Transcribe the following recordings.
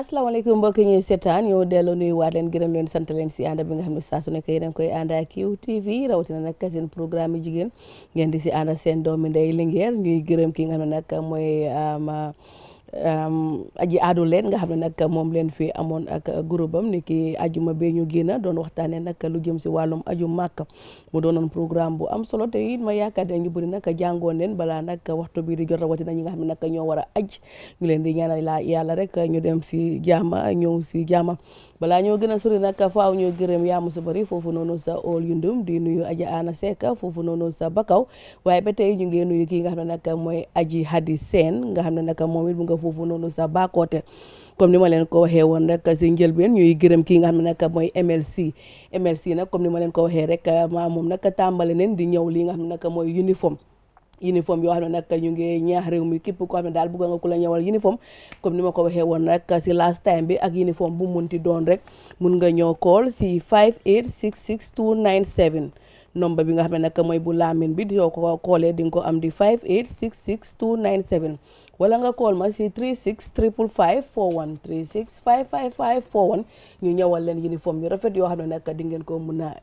asalaamaaleykum mbokk ñuy seetaan ñoo delloo nuyu waat leen gërëm leen sant leen si ànd bi nga xam ne saa su nekk yéen a koy ànd ak QTV rawatina nag seen programme yi jigéen ngeen di si ànd seen doomi ndey Linguère ñuy gërëm ki nga xam ne nag mooy aji aadu leen nga xam ne nag moom leen fi amoon ak groupe am ni ki ajuma bee ñu génn doon waxtaanee nag lu jëm si wàllum aju màkk mu doonoon programme bu am solo te it ma yaakaar ne ñu bëri nag jàngoon leen balaa nag waxtu bii di jot rawatina ñi nga xam ne nag ñoo war a aj ñu leen di ñaanal yàlla rek ñu dem si jaama ñëw si jaama balaa ñoo gën a sori nag faaw ñoo gërëm yaamu sa bari foofu noonu sa ool yundum di nuyu aja ana Seck foofu noonu sa bakaw waaye ba tey ñu ngee nuyu kii nga xam ne nag mooy aji hadi seen nga xam ne nag moom it mu nga foofu noonu sa bakoote comme ni ma leen ko waxee woon rek si njëlbeen ñuy gërëm kii nga xam nag mooy MLC MLC nag comme ni ma leen ko waxee rek maa moom nag tàmbale neen di ñëw lii nga xam ne nag mooy uniforme uniforme yoo xam na nag ñu ngi ñaax réew mi képp koo xam ne daal bëgg nga ku la ñëwal uniforme comme ni ma ko waxee woon nag si last time bi ak uniforme bu munti doon rek mun nga ñëw call si 5866297 nomba bi nga xam ne nag mooy bu laamin bi di soo ko koolee di nga ko am di 5866297 wala nga call ma si 36 triple 5 41 36 555 41 ñu ñëwal leen uniforme yu rafet yoo wax ne nag di ngeen ko mun a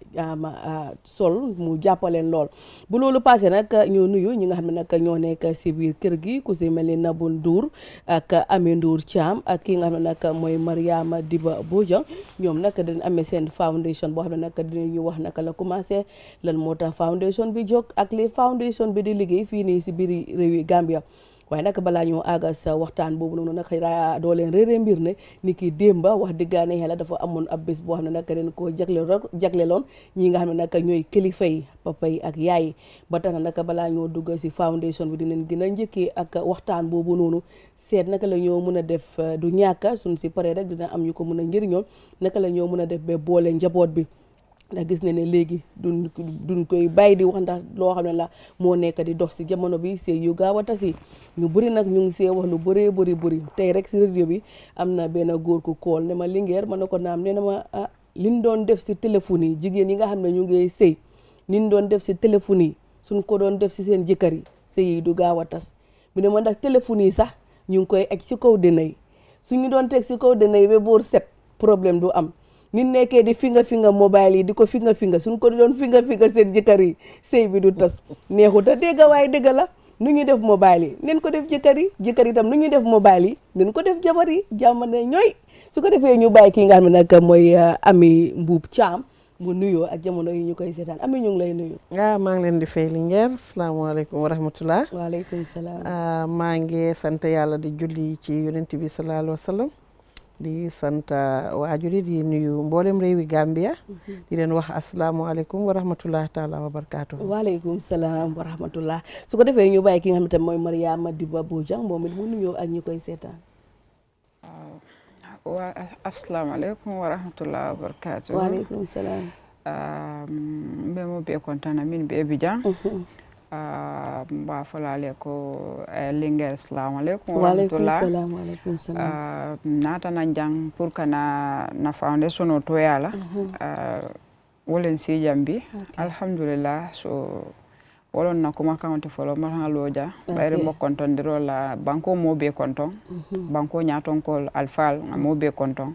sol mu jàppaleen lool bu loolu passé nag ñoo nuyu ñi nga xam ne nag ñoo nekk si biir kër gi ku si mel ni Nabou Ndour ak Ami Ndour Thiam ak ki nga xam ne nag mooy Mariama Diba Bojang ñoom nag dañ amee seen foundation boo xam ne nag dinañu wax naka la commencé lan moo tax foundation bi jóg ak li foundation bi di liggéey fii nii si biir réewi Gambia waaye nag balaa ñoo àgg sa waxtaan boobu noonu nag doo leen réeree mbir ne ni ki démba wax diggaane yàlla dafa amoon ab bés boo xam ne nag dañ koo jagle jagleloon ñi nga xam ne nag ñooy kilifa yi papa yi ak yaay ba tax na nag balaa ñoo dugg si foundation bi dinañ gën a ak waxtaan boobu noonu seet naka la ñoo mën a def du ñàkk suñ si paree rek dina am ñu ko mun a njëriñoo naka la ñoo mën a def bee boole njaboot bi ndax gis na ne léegi duñ duñ koy bàyyi di wax ndax loo xam ne la moo nekk di dox si jamono bi sëy yu gaaw a tasi ñu bëri nag ñu ngi see wax lu bëree bëri bëri tey rek si radio bi am na benn góor ku kool ne ma lingeer ma ne ko naam nee na ma ah liñ doon def si téléphone yi jigéen yi nga xam ne ñu ngi sëy liñ doon def si téléphone yi suñ ko doon def si seen jëkkër yi sëy yi du gaaw a tas mu ne ma ndax téléphone yi sax ñu ngi koy aj si kaw dënn yi suñu doon teg si kaw denay yi ba set problème du am ni nekkee di fi nga fi nga mobile yi di ko fi nga fi nga suñ ko doon fi nga fi nga seen jëkkër yi sëy bi du tas neexut a dégg waaye dégg la nu ñuy def mobile yi nen ko def jëkkër yi jëkkër yi tam nu ñuy def mobile yi nen ko def jabar yi jàmm ne su ko defee ñu bàyyi kii nga xam ne nag mooy uh, Ami Mbuub Caam mu nuyoo ak jamono yi ñu koy seetaan Ami ñu ngi lay nuyu. ah maa ngi leen di fay li njëriñ salaamaaleykum wa rahmatulah. waaleykum salaam. Ah, maa ngi sant yàlla di julli ci yonent bi sallallahu alayhi wa di sant uh, waajuri di nuyu mboolem réewi Gambia. Mhm. di leen wax asalaamualeykum wa rahmatulah taalaa wa barakaatu. waaleykum salaam wa rahmatulah su ko defee ñu bàyyi ki nga xam ne tam mooy Mariama Diba Bojang moom it mu nuyoo ñu koy seetaan. waaw asalaamualeykum wa rahmatulah wa salaam. mbemu be kontana min be Abidjan. mba euh, folale ko eh, linguer salamu aleykum warahmatullah euh, natana jang pour kana na foundation o toyala mhm. euh, wolen sijam bi alhamdulillah so waloon na kuma kaŋote folo mataŋaloo ja okay. bayiri mo kontondiro la banko moo bee kontoŋ mm -hmm. banko ñaatonkol alfaal ŋa moo bee kontoŋ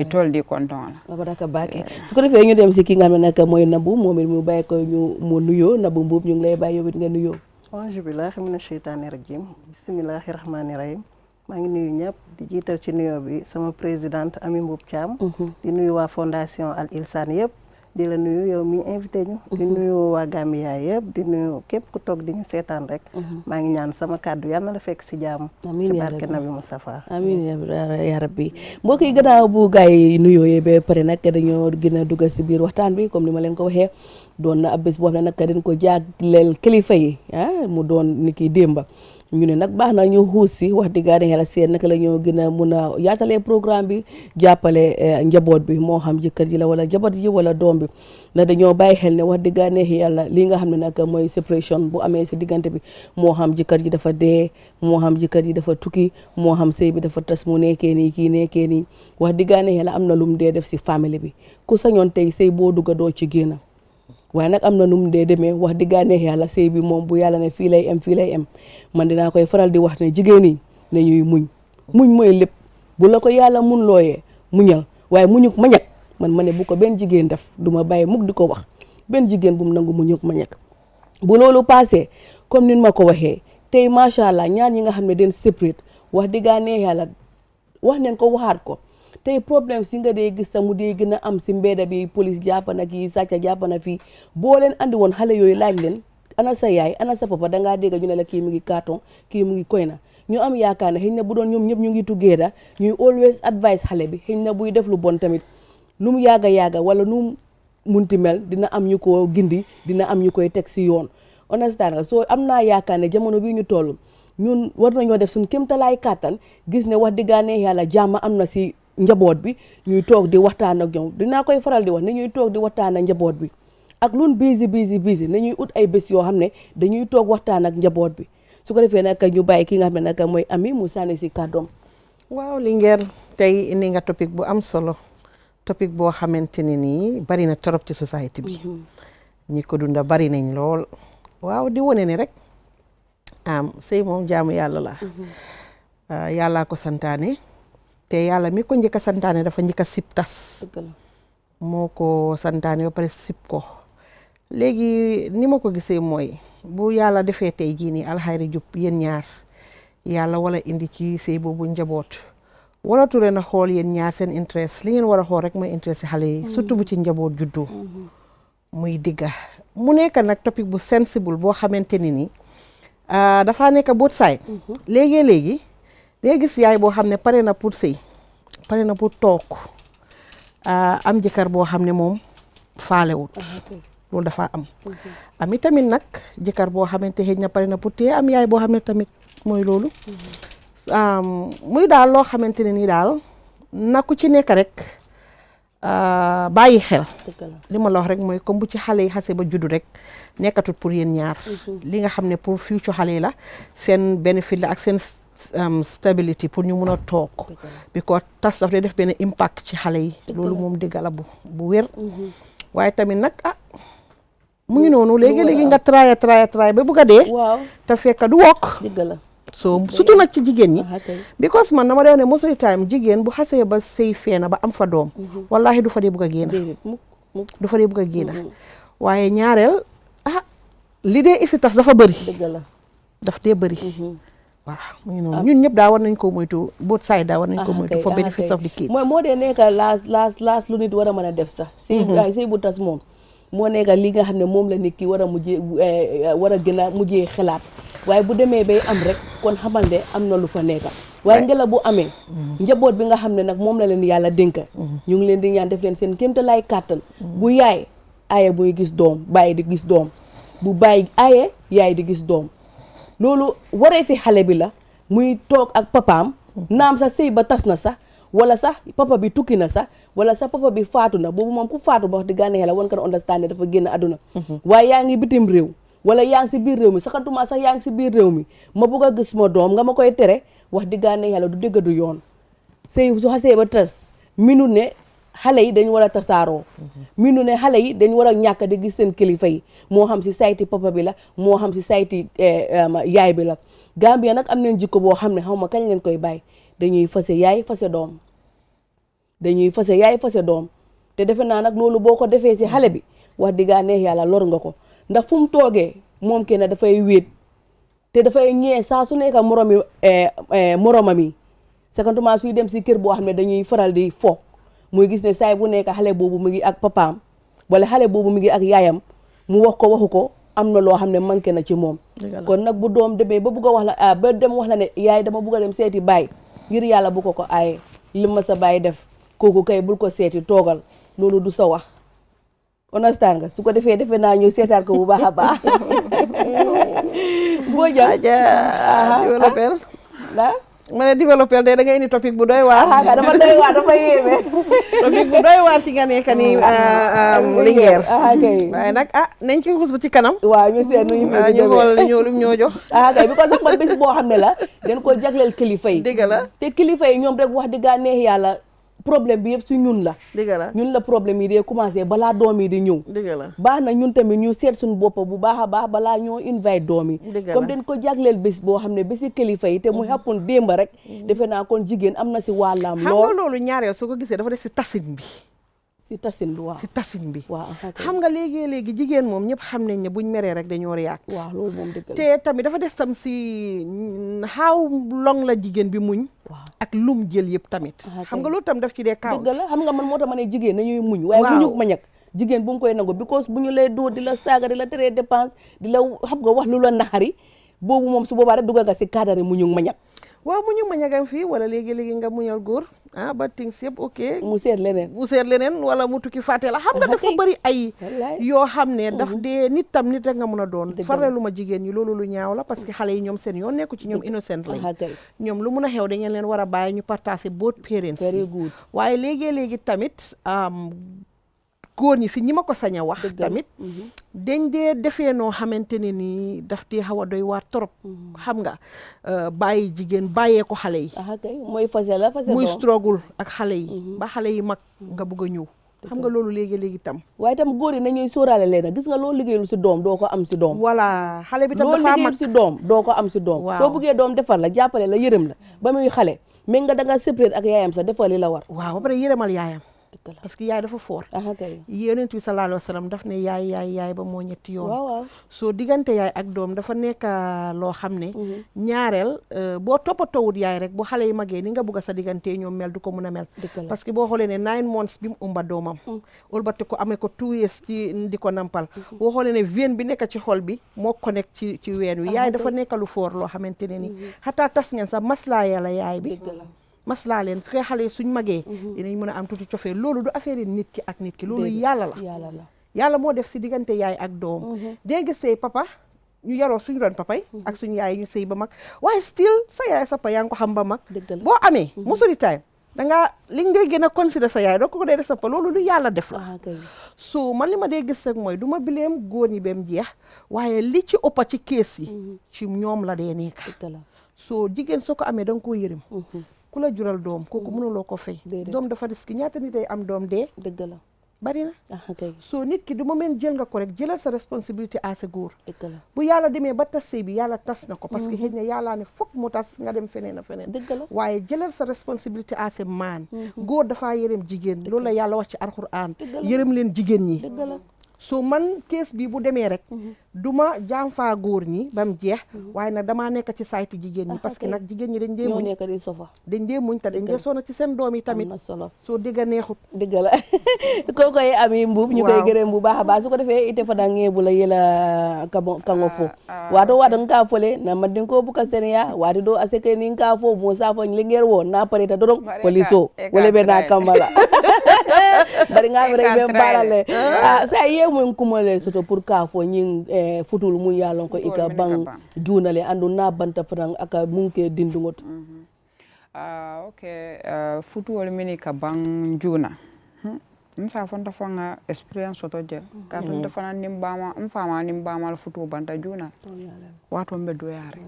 itol di kontoŋ la baraka baake eh. su ko defee ñu dem si ki nga xam ne nag mooy Nabou moom it mu bàyyi ko ñu mu nuyoo Nabou Mboup ñu ngi lay bàyyi yow nga nuyoo auzu billaahi mina sheytaani rajiim bismillaahi rahmaani rahiim maa ngi nuyu ñëpp di jiital ci nuyoo bi sama présidente Ami Mboup Thiam mhm. di nuyu waa fondation Al Ihsan yëpp di la nuyu yow mi invité ñu. di mhm. nuyu waa Gambia yëpp di nuyu képp ku toog di ñu seetaan rek. Mhm. maa ngi ñaan sama kàddu yal na la fekk si jaamu. amiin ci barke Nabi Mustafa. amiin yaa rabbi mbokk yi gannaaw bu gars yi nuyooyee ba nag dañoo gën a dugg si biir waxtaan bi comme ni ma leen ko waxee doon na ab bés boo xam ne nag dañ ko jaagleel kilifa yi ah mu doon ni ki démba. ñu ne nag baax na ñu xuus si wax dëgg yàlla seen naka la ñoo gën a mun a yaatalee programme bi jàppale eh, njaboot bi moo xam jëkkër ji la wala jaboot ji wala doom bi na dañoo bàyyi xel ne wax dëgg yàlla lii nga xam ne nag mooy séparation bu amee si diggante bi moo xam jëkkër ji dafa dee moo xam jëkkër ji dafa tukki moo xam sëy bi dafa tas mu nekkee nii kii nekkee nii wax dëgg yàlla am na lum dee def si famille bi ku sañoon tey sëy boo dugga doo ci génn waaye nag am na num dee demee wax diggaane yàlla sëy bi moom bu yàlla ne fii lay em fii lay em man dinaa koy faral di wax ne jigéen ñi ne ñuy muñ muñ mooy lépp bu la ko yàlla mun looyee muñal waaye muñuk mañak man ma ne bu ko benn jigéen def du ma bàyyi mukk di ko wax benn jigéen bu mu nangu muñuk mañak bu loolu passé comme nin ma ko waxee tey macha allah ñaar ñi nga xam ne den séparé wax di gaane yàlla wax neen ko waxaat ko tey problème si nga dee gis sa mu dee gën a am si mbedda bi police jàpp na kii sàcca jàpp na fii boo leen andi woon xale yooyu laaj leen ana sa yaay ana sa papa dangaa ñu ne la kii mu ngi carton kii mu ngi koy na ñu am yaakaar ne xëy bu doon ñoom ñëpp ñu ngi tuggee da ñuy always advice xale bi xëy na buy def lu bon tamit nu mu yàgg a yàgg wala nu munti mel dina am ñu ko gindi dina am ñu koy teg si yoon understand nga soo am naa yaakaar ne jamono bii ñu tollu ñun war ñoo def suñu kéemtalaay kàttan gis ne wax diggaane yàlla jàmm am na si njaboot bi ñuy toog di waxtaan ak ñoom dinaa koy faral di wax ne ñuy toog di waxtaan njaboot bi ak lun busy busy busy na ñuy ut ay bés yoo xam ne dañuy toog waxtaan ak njaboot bi su ko defee nag ñu bàyyi ki nga xam ne nag mooy ami mu sànni si kàddoom. waaw li ngeen tey indi nga topic bu am solo topic boo xamante ne nii bari na torop ci société bi. Mhm. ñi ko dunda bari nañ lool. waaw di wone ne rek am sëy moom jaamu yàlla la. Mhm. Ah, yàllaa ko santaane. te yàlla mi ko njëkk santaane dafa njëkk a sib tas moo ko santaane ba pare sib ko léegi ni ma ko gisee mooy bu yàlla defee tey jii nii alxayri jub yéen ñaar yàlla wala indi ci sëy boobu njaboot wala ture na xool yéen ñaar seen interest li ngeen war a xool rek mooy interest si xale yi mm-hmm. surtout bu ci njaboot juddu mm-hmm. muy digga mu nekk nag topic bu sensible boo xamante ni ni ah, dafaa nekk both side mm-hmm. léegi léegi dangay gis yaay boo xam ne pare na pour sëy pare na pour toog ah, am jëkkër boo xam ne moom faalewut loolu dafa am i tamit nag jëkkër boo xamante xëy na pare na pour téye am yaay boo xam ne tamit mooy loolu muy daal loo xamante ne nii daal na ku ci nekk rek ah, bàyyi xel li ma la rek mooy comme bu ci xale yi xase ba juddu rek nekkatut pour yéen ñaar mhm. li nga xam ne pour future xale yi la seen bénéfice la ak seen Um, stability pour ñu mun a toog because tas daf dee def benn impact ci xale yi loolu moom dëgg la bu bu wér mhm. waaye tamit nag ah mu ngi noonu léegi-léegi nga traya traya traya ba bugg a dee te fekk du wokk dëgg la so surtout nag ci jigéen ñi because man dama dee ne most of time jigéen bu xasee ba sëy na ba am fa doom mhm. wallahi du fa dee bugg a génna du fa dee bugg a mhm. waaye ñaareel ah li dee isi tas dafa bëri daf dee bari waaw mu ngi ah. ñun ñëpp daa war nañ ko moytu both side daa war nañ ko ah, moytu for ah, benefits of the kids mooy moo dee nekk laas laas laas lu nit war a mën a def sax sëy mhm. sëy bu tas moom moo nekk li nga xam ne moom la nit war a mujjee eh, eh, war a gën a xalaat waaye bu demee bay am rek kon xamal ne am na lu fa nekk waaye ngelaw bu amee mhm. njaboot bi nga xam ne nag moom la leen yàlla dénk mhm. ñu ngi leen di ñaan def leen seen kéemtalaay kàttan bu yaay aaye buy gis doom bàyyi di gis doom bu bàyyi aaye yaay di gis doom loolu waree fi xale bi la muy toog ak papaam naam sax sëy ba tas na sax wala sax papa bi tukki na sax wala sax papa bi faatu na boobu moom ku faatu ba wax di gànne xel wan ko understand ne dafa génn àdduna mhm. waaye yaa ngi bitim réew wala yaa ngi si biir réew mi saxantuma sax yaa ngi si biir réew mi ma bëgg a gis ma doom nga ma koy tere wax di gànne xel du dégg du yoon sëy su xasee ba tas minu ne xale yi dañu war a tasaaroo mi nu ne xale yi dañu war a ñàkk di gis seen kilifa yi moo xam si sayti papa bi la moo xam si sayti eh, eh, yaay bi la Gambia nag am nañ jikko boo xam ne xaw ma kañ leen koy bàyyi dañuy fase yaay fase doom dañuy fase yaay fase doom te defe naa nag loolu boo ko defee si xale bi wax diggaa yàlla lor nga ko ndax fu mu toogee moom kenn dafay wéet te dafay ñee saa su nekk moromi eh, moromam yi secondairement suy dem si kër boo xam ne dañuy faral di fo muy gis ne saay bu nekk xale boobu mu ngi ak papaam wala xale boobu mu ngi ak yaayam mu wax ko waxu ko am na loo xam ne manqué na ci moom kon nag bu doom demee ba bugg a wax la ah, ba dem wax la ne yaay dama bugg a dem seeti baay ngir yàlla bu ko ko aaye li ma sa baay def kooku kay bul ko seeti toogal loolu du sa wax understand nga su ko defee defe naa ñu seetaat ko bu baax a baax boo jël ah, ma ne développé day da nga indi topic bu doy waar. Ah, dama doy waar dama yéeme. topic bu doy waar ci nga nekk ni mm. ah, ah, Linguère. waaye nag ah nañ ci xuus ba ci kanam. waaw ñu seet nu ñu mën di demee ñoo jox. ah kay bi ko sax bés boo xam ne la dañ koo jagleel kilifa yi. dëgg la te kilifa yi ñoom rek wax dëgg neex yàlla. problème bi yëpp si ñun la ñun la problème yi dee commencé balaa doom yi di ñëw baax na ñun tamit ñu seet suñu bopp bu baax a baax balaa ñoo invite doom yi comme dañ ko jagleel bés boo xam ne si kilifa yi te mu xappun mm-hmm. démba rek mm-hmm. defe naa kon jigéen am na si wàllaam lool xam nga loolu ñaareel soo ko gisee dafa def si tasin bi si tasin bi waaw si tasin bi. waaw xam nga léegi léegi jigéen moom ñëpp xam nañ ne buñ meree rek dañoo reyaat. waaw loolu moom dëgg la te tamit dafa des tam si mm, how long la jigéen bi muñ. ak lum jël yëpp tamit. Ah, xam nga loolu tam daf ci dee kaaw. dëgg la xam nga man moo tax ma ne jigéen nañuy muñ. waaw waaye muñu ma ñàkk jigéen bu mu koy nangu because bu ñu lay dóor di la saaga di la teree dépense di la xam nga wax lu la naxari boobu moom su boobaa rek dugg nga si cadre muñu ma ñàkk waaw mu ñu ma ñagam fii wala léegi-léegi nga muñal góor ah ba things yëpp ok mu seet leneen mu seet leneen wala mu tukki fàtte la xam nga dafa bëri ay yoo xam ne daf mm-hmm. dee nit tam nit rek nga mun a doon faral lu ma jigéen ñi loolu lu ñaaw la parce que xale yi ñoom seen yoon nekku ci ñoom innocent ñoom lu mun a xew da ngeen leen war a bàyyi ñu partager both parents yi waaye léegi-léegi tamit góor ñi si ñi ma ko sañ a wax tamit mhm. dañ dee defee noo xamante ne nii daf dee xaw a doy waar trop mhm. xam nga euh, bàyyi jigéen bàyyee ko xale yi mooy fase la fase muy struggle ak xale yi mhm. ba xale yi mag nga bëgg a ñëw xam nga loolu léegi-léegi tam waaye tam na yi nañuy sóoraale leen gis nga loolu liggéeyul si doom doo ko am si doom voilà xale bi tam loolu liggéeyul si doom doo ko am si doom soo bëggee doom defar la jàppale la yërëm la ba muy xale mais nga da nga séparé ak yaayam sa defar li la war waaw ba pare yërëmal yaayam parce que yaay dafa foor yonent bi sallallahu alayhi wa daf ne yaay yaay yaay ba moo ñetti yoon soo diggante yaay ak doom dafa nekk ah, loo xam ne mhm. ñaareel euh, boo toppatoowut yaay rek bu xale yi magee ninga nga sa diggante ñoom mel du ko mun a mel parce que boo xoolee ne nine months bi mu ëmba doomam ulbati mhm. ko amee ko two years ci di ko nampal mhm. boo xoolee ne veine bi nekk ci xol bi moo connect ci ci ween wi yaay dafa nekk lu foor loo xamante ne ni xataa tas ngeen sax maslaa yàlla yaay bi maslaa leen su koy xale suñ magee mhm. dinañ mën a am tuuti cofee loolu du affaire nit ki ak nit ki loolu yàlla la yàlla moo def si diggante yaay ak doom mhm. dégg sëy papa ñu yaroo suñ doon papay mhm. ak suñ yaay ñu sëy ba mag waaye still sa yaay sa pa yaa ngi xam ba mag boo amee mosuri time dangaa li ngay gën a considérer sa yaay doo ko dee def sa pa loolu lu yàlla def la ah, so man li ma dee gis rek mooy du ma bileem góor ñi bem jeex waaye li ci ëppa ci kees yi ci ñoom la dee nekk so jigéen soo ko amee da nga koo yërëm ku la jural doom kooku mm. mënuloo ko fay doom dafa risque ñaata nit ay am doom dee dëgg la bari na ah, soo nit ki du ma meen jël nga ko rek jëlal sa responsabilité à sa góor bu yàlla demee ba tas sëy bi yàlla tas na ko parce que mm. xëy na yàllaa ne foog mu tas nga dem feneen a feneen dëgg la waaye jëlal sa responsabilité à sa maan mm-hmm. góor dafaa yërëm jigéen loolu la yàlla wax ci alxuraan yërëm leen jigéen ñi dëgg la so man kees bi bu demee rek mhm. du ma jaam fa góor ñi ba mu jeex mhm. waaye nag damaa nekk ci saytu jigéen ñi ah, parce que nag jigéen ñi dañ dee muñ nekk di sofa dañ dee muñ te dañ dee sonn ci seen doom yi tamit solo soo dégg neexut dëgg la koo koy ami mbuub ñu koy gërëm bu baax a baax su ko defee ite fana ngeebu la yela kango fo waato ah, ah, waato nka fole na madin ko buka senia waati do aseke ni nka fo mo safo ngeer wo na pareta dorong poliso wole be na kamala bari nga am rek ɓe mbarale sa ye mun kumale soto pour ka fo eh, futul mun ya lon ko ika ban junale andu na banta fran aka mun ke dindungot Uh, mhm. ah, ah, futuwol mini ka ban juna hmm? nsa fonta fanga experience soto je ka tonta mhm. fana nimbama nfama nimbama la futuwo banta juna wato mbe doyare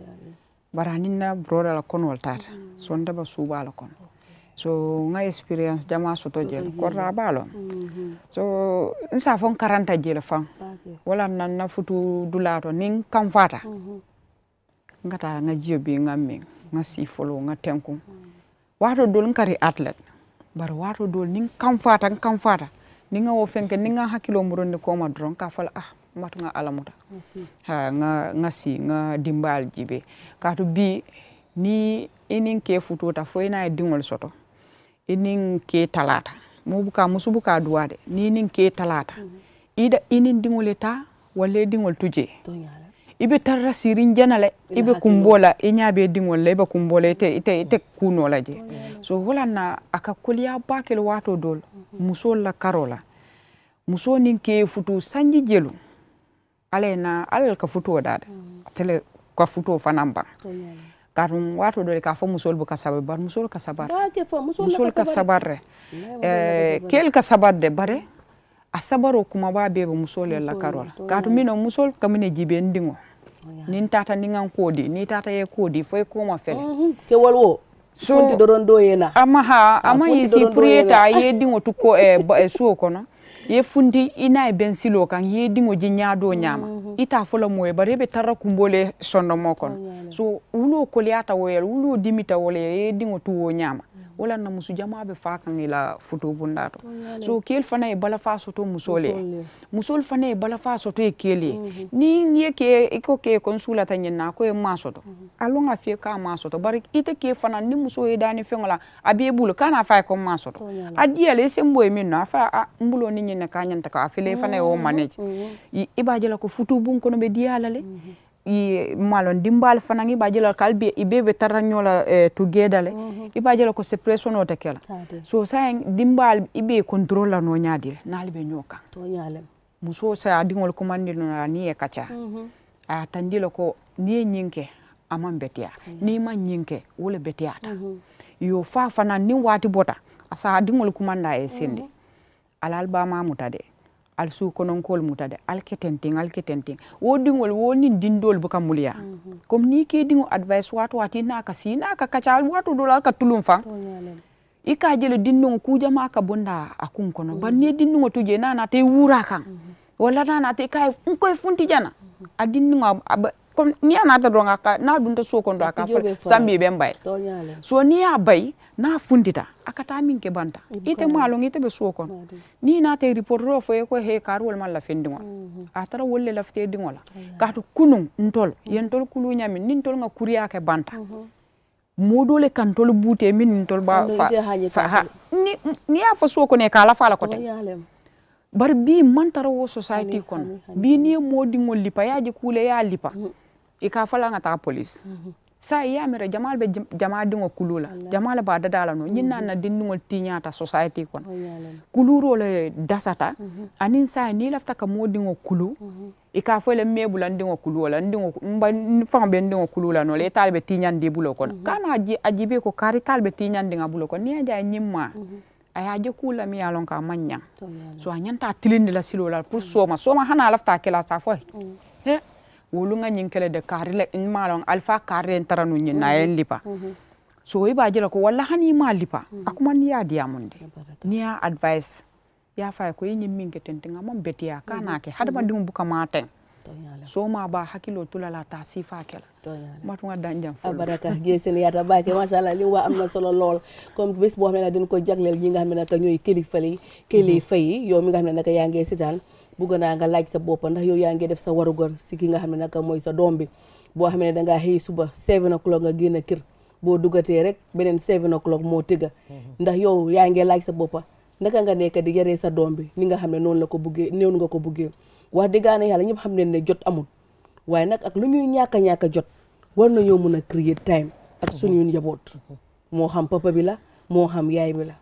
bara ninna broda la konwol tata mhm. sonta ba suba kono so nga experience jama soto jele mm -hmm. korra balo mm -hmm. jele fan okay. nan na futu dulato nin kan mhm. nga ta nga jiyo bi nga min nga si folo nga tenku mm -hmm. wato dol kari athlete bar nin kan fata kan ni nga wo fenke ni nga hakilo muronde ko ma dron ka fala ah nga alamuta ha nga nga nga dimbal jibe kaatu bi ni inin ke fututa fo dingol soto inin ke talata mobuka musubuka duwa de ni inin ke talata mhm. ida inin dingole ta walla dingol tuje ibe tarra sirin jana le ibe kumbola i ñaabe dingol la ibe kumbola ite ite ite mhm. kuno la je so wala na aka koliya bakel wato dol musol la karo la mhm. muso nin ke futu sanji jelu ala na alal ka futo dada atele ka futo fanan ban katum wato dole ka fo musol bu kasabar bar musol kasabar musol kasabar re eh, kel kasabar de bare a sabaro kuma ba bebe musol la karola katum mino musol kamine jibe ndingo oh, nin tata ningan kodi ni tata ye kodi fo koma fele mhm, ke walwo so doron do yena ama ha ah, ama yisi pour ye dingo tukko e eh, eh, kono ye fundi i n'a e ye bɛn siloo kan i ye diŋo ji ɲaadoo ɲaama mm-hmm. i t'a fo la moo ye bari i be tara kunbo le sondomo kono mm-hmm. so wuloo koleyata wo yela wuloo dimita wo le ye diŋo tu wo ɲaama mm-hmm. wala na musu jamaɓe fa kaŋila futu bundato so kel fana ye bala fa soto musol ye musol fana ye bala fa soto ye kel ye mhm. ni ye ke i ko ke konsulata ñinna ko ye ma soto mhm. a longa fiye ka ma soto bari ite ke fana ni muso ye dani feŋo la a bee bulu kana fa ye ko ma soto a diyala i e sembo ye min no a fa a mbulo ni ñinne ka ñanta ka a fele e fana ye wo mhm. manage i e b'a jala ko futu kono be diya la le i malon dimbal fanang ibajela kalbi ibebe taranyola eh, tugedale mm -hmm. ibajela ko separation o tekela so sa dimbal ibe control no nyadil nalbe nyoka to nyalem muso sa dingol mhm. ko mandino na ni e kacha mm -hmm. a tandilo ko ni nyinke aman betia mm -hmm. ni man nyinke wole betiata mm -hmm. yo fa fana ni wati bota asa dingol kumanda e sindi mm -hmm. alalba ma mutade al suu kononkol muta de alketenting alketenting wo dingol wo nin dindol buka mulya comme mhm. ni ke dingo advice watu wati naka si naka kacal watu dola ka tulum fa i ka jele dindongo kujama ka bonda a kun kono mm -hmm. bari ni dindongo tuje nanata i wura kan mm -hmm. walla nanata i ka mhm. nkoye funti jana mhm. a dindongo comme ni a naata dong a ka na dunta sookondo a ka sambi ɓen bayla so ni a bayi na fundita a ka taa min banta ite maalong ite ɓe sookono ni naata report to fo ye ko he kaariwol man lafen diŋo la a tara wolle lafite diŋo la kaatu kunun ntol yentol kulu ñamin ni ntol ŋa kuriya ke banta modole kantol buute min ntol ba fa ni a fo sookone ka a lafa la kote bari bi man tara wo society kono bi ni ye moodiŋol lipa ye a je a lipa i ka fala nga police mhm. sa i ye a mira jamal be jama diŋo kulu la jamala ba dadala no ñiŋ naŋ mhm. na dindiŋol tiñata society kono kuluro le dasata mhm. aniŋ sa ni lafita ka moo diŋo kulu i ka le mee be ndiŋo kulu bulo kono kana a jibe a ñiŋ maa a ye a je kuu so a ñanta tilindi la siloo la pour sooma sooma hana a a kela fo he wolunga nyinkele de karile in malong alfa karile taranu nyina en lipa mm-hmm. Mm-hmm. so iba e jira ko walla hani ma lipa mm-hmm. akuma ni ya dia munde ni ya advice ya fa ko e yin minke tentinga mon betiya kana ke hadama dum buka maten so ma ba hakilo tulala ta sifa kela matuga danjam abaraka gesel yata bake machallah li na solo lool comme boo xam ko jagleel ñi nga xam ne naka ñooy kilifa yi kilifa yi yow mi nga xam bëgg naa nga laaj sa bopp ndax yow yaa ngi def sa warugar si ki nga xam ne naka mooy sa doom bi boo xam ne dangaa xëy suba 7 o'clock nga génn kër boo dugatee rek beneen 7 o'clock moo tega ndax yow yaa ngi laaj sa boppa naka nga nekk di yaree sa doom bi ni nga xam ne noonu la ko buggee noonu nga ko buggee wax dëggaane yàlla ñëpp xam nañ ne jot amul waaye nag ak lu ñuy ñàkk a ñàkk jot war nañoo mun a créer time ak suñu njaboot moo xam papa bi la moo xam yaay bi la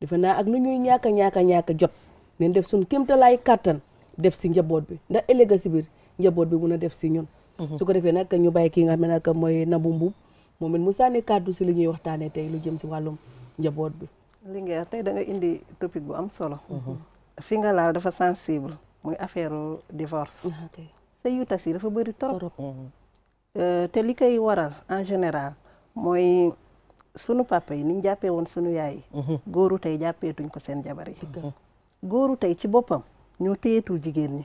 defe naa ak ñuy ñàkk a ñàkk jot neen def suñ kéemtalaay kàttan def si njaboot bi ndax ëllëg si biir njaboot bi mun a def si ñun mhm. su ko defee nag ñu bàyyi kii nga xam ne nag mooy Nabou Mboup moom it mu sànni kàddu si li ñuy waxtaanee tey lu jëm si wàllum njaboot bi Linguère tey da indi topic bu am solo mhm. fi nga laal dafa sensible muy affaire divorce ah, sëy yu tas yi dafa bëri torop mhm. euh, te li koy waral en général mooy sunu papa yi ni ñu jàppee woon sunu yaay góoru tey jàppeetuñ ko seen jabar yi góoru tey ci boppam ñoo téyeetul jigéen ñi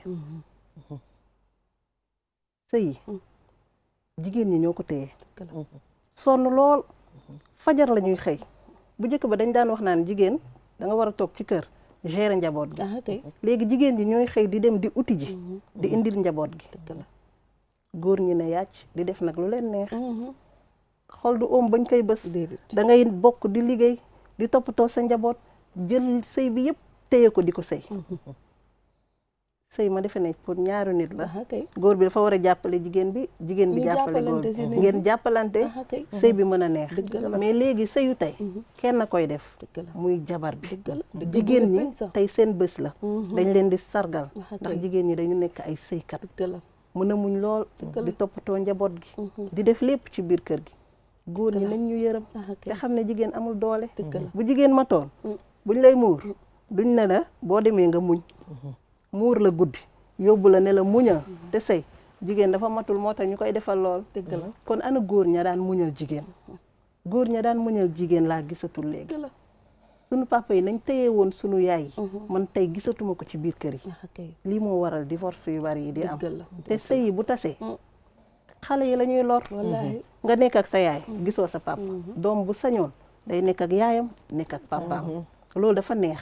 sëy jigéen ñi ñoo ko téye sonn lool fajar lañuy ñuy xëy bu njëkk ba dañ daan wax naan jigéen da nga war a toog ci kër gere njaboot gi ah, léegi jigéen ñi ñooy xëy di dem di uti ji mhm. di indil njaboot gi góor ñi na yàcc di def nag lu leen neex mhm. xool du oom bañ koy bës da ngay bokk di liggéey di toppatoo sa njaboot jël sëy bi yëpp téye ko di ko sey mhm. sëy ma defe ne pour ñaaru nit la góor bi dafa war a jàppale jigéen bi jigéen bi jàppale góor bi ngeen jàppalante sëy bi mën a neex mais léegi sëyu tey mhm. kenn koy def muy jabar bi jigéen ñi tey seen bés la mhm. dañ leen di sargal ndax jigéen ñi dañu nekk ay sëykat mën a muñ lool di toppatoo njaboot gi di def lépp ci biir kër gi góor ñi nañ ñu yërëm te xam ne jigéen amul doole bu jigéen matoon mm. buñ lay muur mm. duñ ne la boo demee nga muñ muur la guddi yóbbu la ne la muña te sëy jigéen dafa matul moo tax ñu koy defal lool dëgg la kon ana góor ña daan muñal jigéen góor ña daan muñal jigéen laa gisatul léegi sunu papa yi nañ téye woon sunu yaay yi mhm. man tey gisatuma ko ci biir kër yi ah, lii moo waral divorce yu bari yi di am te sëy yi bu tasee mm. xale yi la ñuy lor mhm. nga nekk ak sa yaay gisoo sa papa mhm. doom bu sañoon day nekk ak yaayam nekk ak papaam loolu dafa neex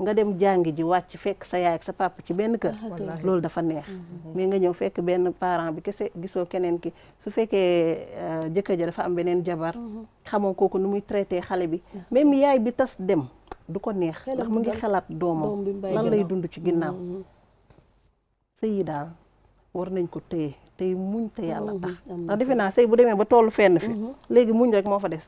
nga dem jàngi ji wàcc fekk sa yaay ak sa pàpp ci benn kër ah, loolu dafa neex mm-hmm. Mm-hmm. mais nga ñëw fekk benn parent bi kese gisoo keneen ki su fekkee euh, jëkkër ja dafa am beneen jabar mm-hmm. xamoo kooku nu muy traité xale bi mi yaay bi tas dem du ko neex ndax mu ngi xalaat doomam lan lay dund ci ginnaaw sëy yi daal war nañ ko téye tey muñ te yàlla tax ndax defe naa sëy bu demee ba tollu fenn fi léegi muñ rek moo fa des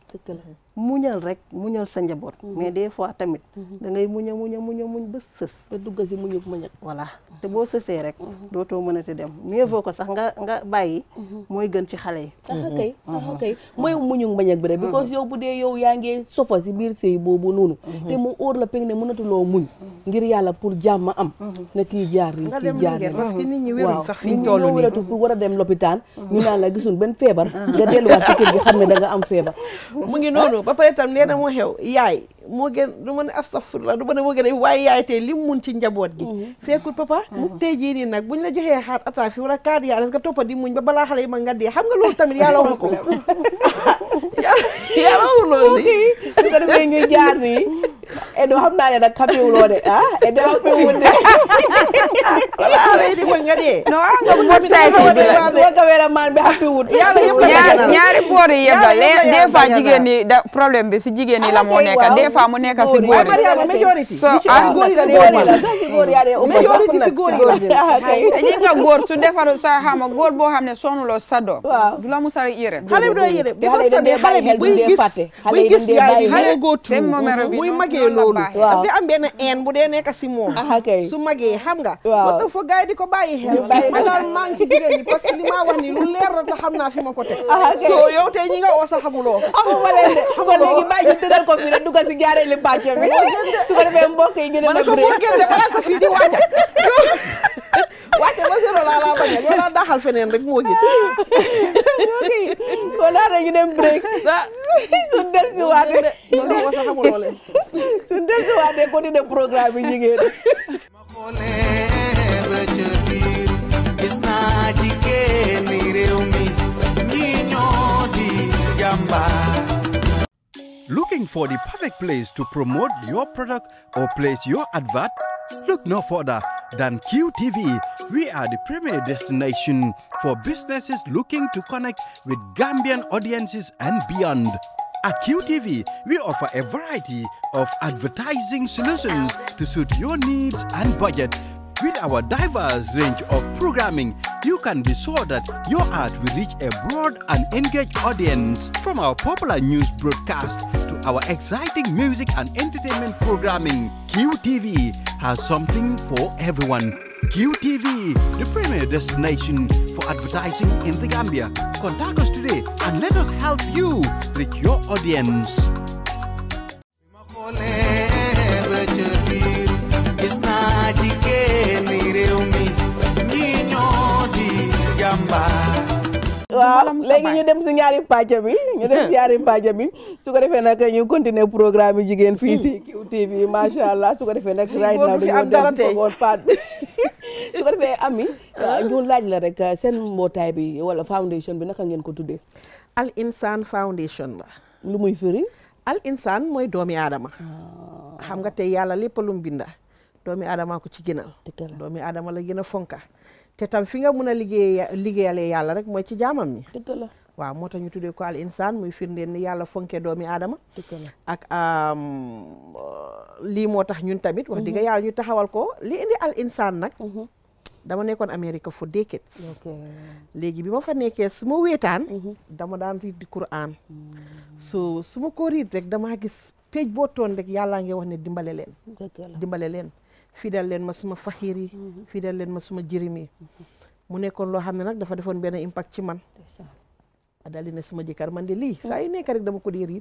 muñal rek muñal sa njaboot. Mhm. mais des fois tamit. Mhm. da ngay muñ muñ muñ a muñ ba sës. ba dugg si ma muñ voilà te boo sësee rek. Mhm. dootoo mënati dem mieux vaut ko sax nga nga bàyyi. mooy gën ci xale yi. ah kay ah kay mooy muñu muñ bi rek. parce bu dee yow yaa ngi sofa si biir sëy boobu noonu. te mu óor la pegg ne mënatuloo muñ. ngir yàlla pour jàmm am. na ki jaar nii kii jaar nii parce que nit ñi wéruñ sax war a dem lopitaan. ñu naan gisul benn feebar. nga delluwaat si da am feebar mu ngi noonu xew ba pare tam nee na moo xew yaay moo gën du a ne astafurlah du ma ne moo gën a waaye yaay tey li mun ci njaboot gi mm-hmm. fekkul papa mm-hmm. mu tey jii nag buñ la joxee xaat ataa fi wala kaat yaa nga toppa di muñ ba balaa xale yi ma nga dee xam nga loolu tamit yàlla waxu ko yàlla waxu loolu di su ko defee ñuy jaar nii Edo xam naa ne nag xamewuloo de ah Edo xamewul de. ah wéy di mën nga dee. non ah nga mot saa si bi la. boo da problème bi si jigéen ñi la moo ah, nekk des fois mu nekk si góor so ah góor yi la si góor yi la majorité ah, su defaru sa xama góor boo xam ne sonuloo sa doom. waaw du la musal yére. xale buy gis buy gis yaay xale góor tuur muy gisee loolu daf di am benn een bu dee nekk si moom su magee xam nga moo tax fa gars yi di ko bàyyi xel man daal maa ngi ci jigéen ñi parce que li maa wax ni lu leer la te xam naa fi ma ko teg soo yow tey ñi nga oo sa xamuloo amu ma a nag a suñ del si waatee continuer programme yi jigéen ma xoolee ba ca biir gis naa jigéen ñi réew mi ñi di jàmbaar Looking for the perfect place to promote your product or place your advert? Look no further than QTV. We are the premier destination for businesses looking to connect with Gambian audiences At QTV, we offer a variety of advertising solutions to suit your needs and budget. With our diverse range of programming, you can be sure that your ad will reach a broad and engaged audience. From our popular news our exciting music and entertainment programming, QTV has something for everyone. QTV, the premier destination for advertising in the Gambia. Contact us today and let us help you with your audience. waaw léegi ñu dem si ñaari pàcc bi ñu dem si ñaari pàcc bi su ko defee nag ñu continuer programme jigéen fii si mm. QTV macha allah su ko defee nag right now dañoo dem seconde part bi su ko defee ami ah. ñu laaj la rek ah, seen mbootaay bi wala foundation bi naka ngeen ko tuddee al insan foundation ba lu muy firi al insan mooy doomi aadama ah. xam nga tey yàlla lépp lu mu binda doomi aadama ko ci gënal doomi aadama la gën a fonka te tam fi nga mën a liggéey liggéeyale yàlla rek mooy ci jaamam ñi dëgg waaw moo tax ñu tuddee ko al insaan muy firndeen ni yàlla fonkee doomi aadama ak euh, lii moo tax ñun tamit wax dëgg mhm. yàlla ñu taxawal ko li indi al insaan nag mhm. dama nekkoon Amérique for decades léegi bi ma fa nekkee su ma weetaan mhm. dama daan riid di Quran mm. so su ma ko rek damaa gis page boo toon rek yàllaa ngi wax ne dimbale leen dimbale leen fidal leen ma suma faxiir yi mhm. fidal leen ma suma jirim mhm. mu nekkoon loo xam ne nag dafa defoon benn impact ci man daal di ne suma jëkkër man de lii mhm. saa yu nekk rek dama ko di yër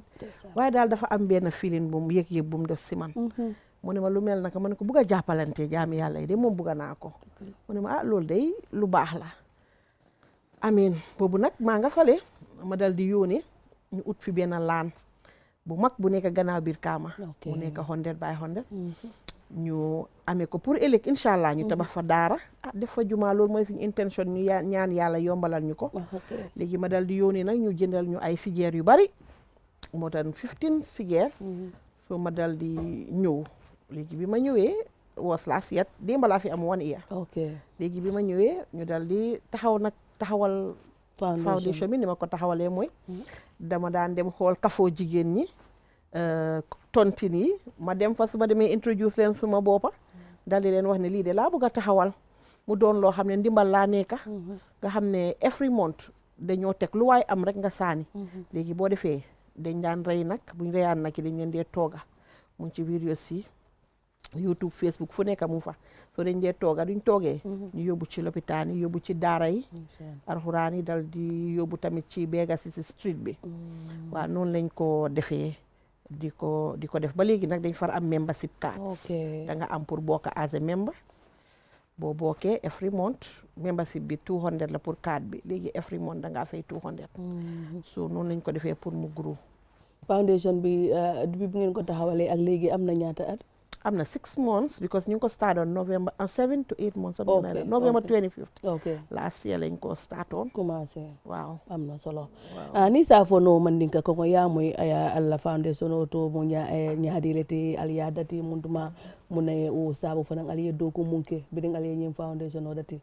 waaye daal dafa am benn feeling bu mu yëg yëg bu mu def si man mu ne ma lu mel naka ma ne ko bugg a jàppalante jaami yàlla de moom bugga naa ko mu ne ma ah, loolu day lu baax la amiin boobu nag maa nga fale ma dal di yóone ñu ut fi benn laan bu mag bu nekk gannaaw biir kaama mu nekk hundred by hundred ñu amee ko pour ëllëg allah ñu mm-hmm. tabax fa daara ah def fa jumaa loolu mooy suñu intention ñu ñaan yàlla yombalal ñu ko ah, léegi ma dal di yónnee nag ñu jëndal ñu ay sijeer yu bari moo tan fifteen sijeer mm-hmm. so ma dal di ñëw léegi bi ma ñëwee was last yet démb laa fi am one year léegi bi ma ñëwee ñu dal di taxaw nag taxawal foundation bi ni ma ko taxawalee mooy mm-hmm. dama daan dem xool kafoo jigéen ñi Euh, tontine yi ma dem fa su ma demee introduce leen suma boppa dali leen wax ne lii de laa bëgg a taxawal mu doon loo xam ne ndimbal laa nekka mhm. nga xam ne every month dañoo teg lu waay am rek nga saani mhm. léegi boo defee dañ daan rey nag buñ reyaan nag yi dañ leen dee tooga mu ngi ci videos yi YouTube Facebook fu nekk mu fa so dañ dee tooga duñ toogee mhm. ñu yóbbu ci lopitaan yi yóbbu ci daara yi alxuraan yi dal di yóbbu tamit ci beega si street bi waaw noonu lañ ko defee di ko di ko def ba léegi nag dañ far am membership card da nga am pour bokk as a member boo bokkee every month membership bi 200 la pour card bi léegi every month da ngaa fay 200 mhm. so noonu lañ ko defee pour mu grow foundation bi euh, bi ngeen ko taxawalee ak léegi am na ñaata at am na six months because ñu ngi ko start on November am uh, seven to eight months. ok November twenty fifth. ok last year lañ ko startoon. commencé waaw am na solo. Ah, ni saafo no mandinka kongo ya moy aya ah, alla foundation oto mo nya nyaadire eh, te aliyadati munduma munay o oh, saabu fanan aliye doko munke bidin aliye nyim foundation odati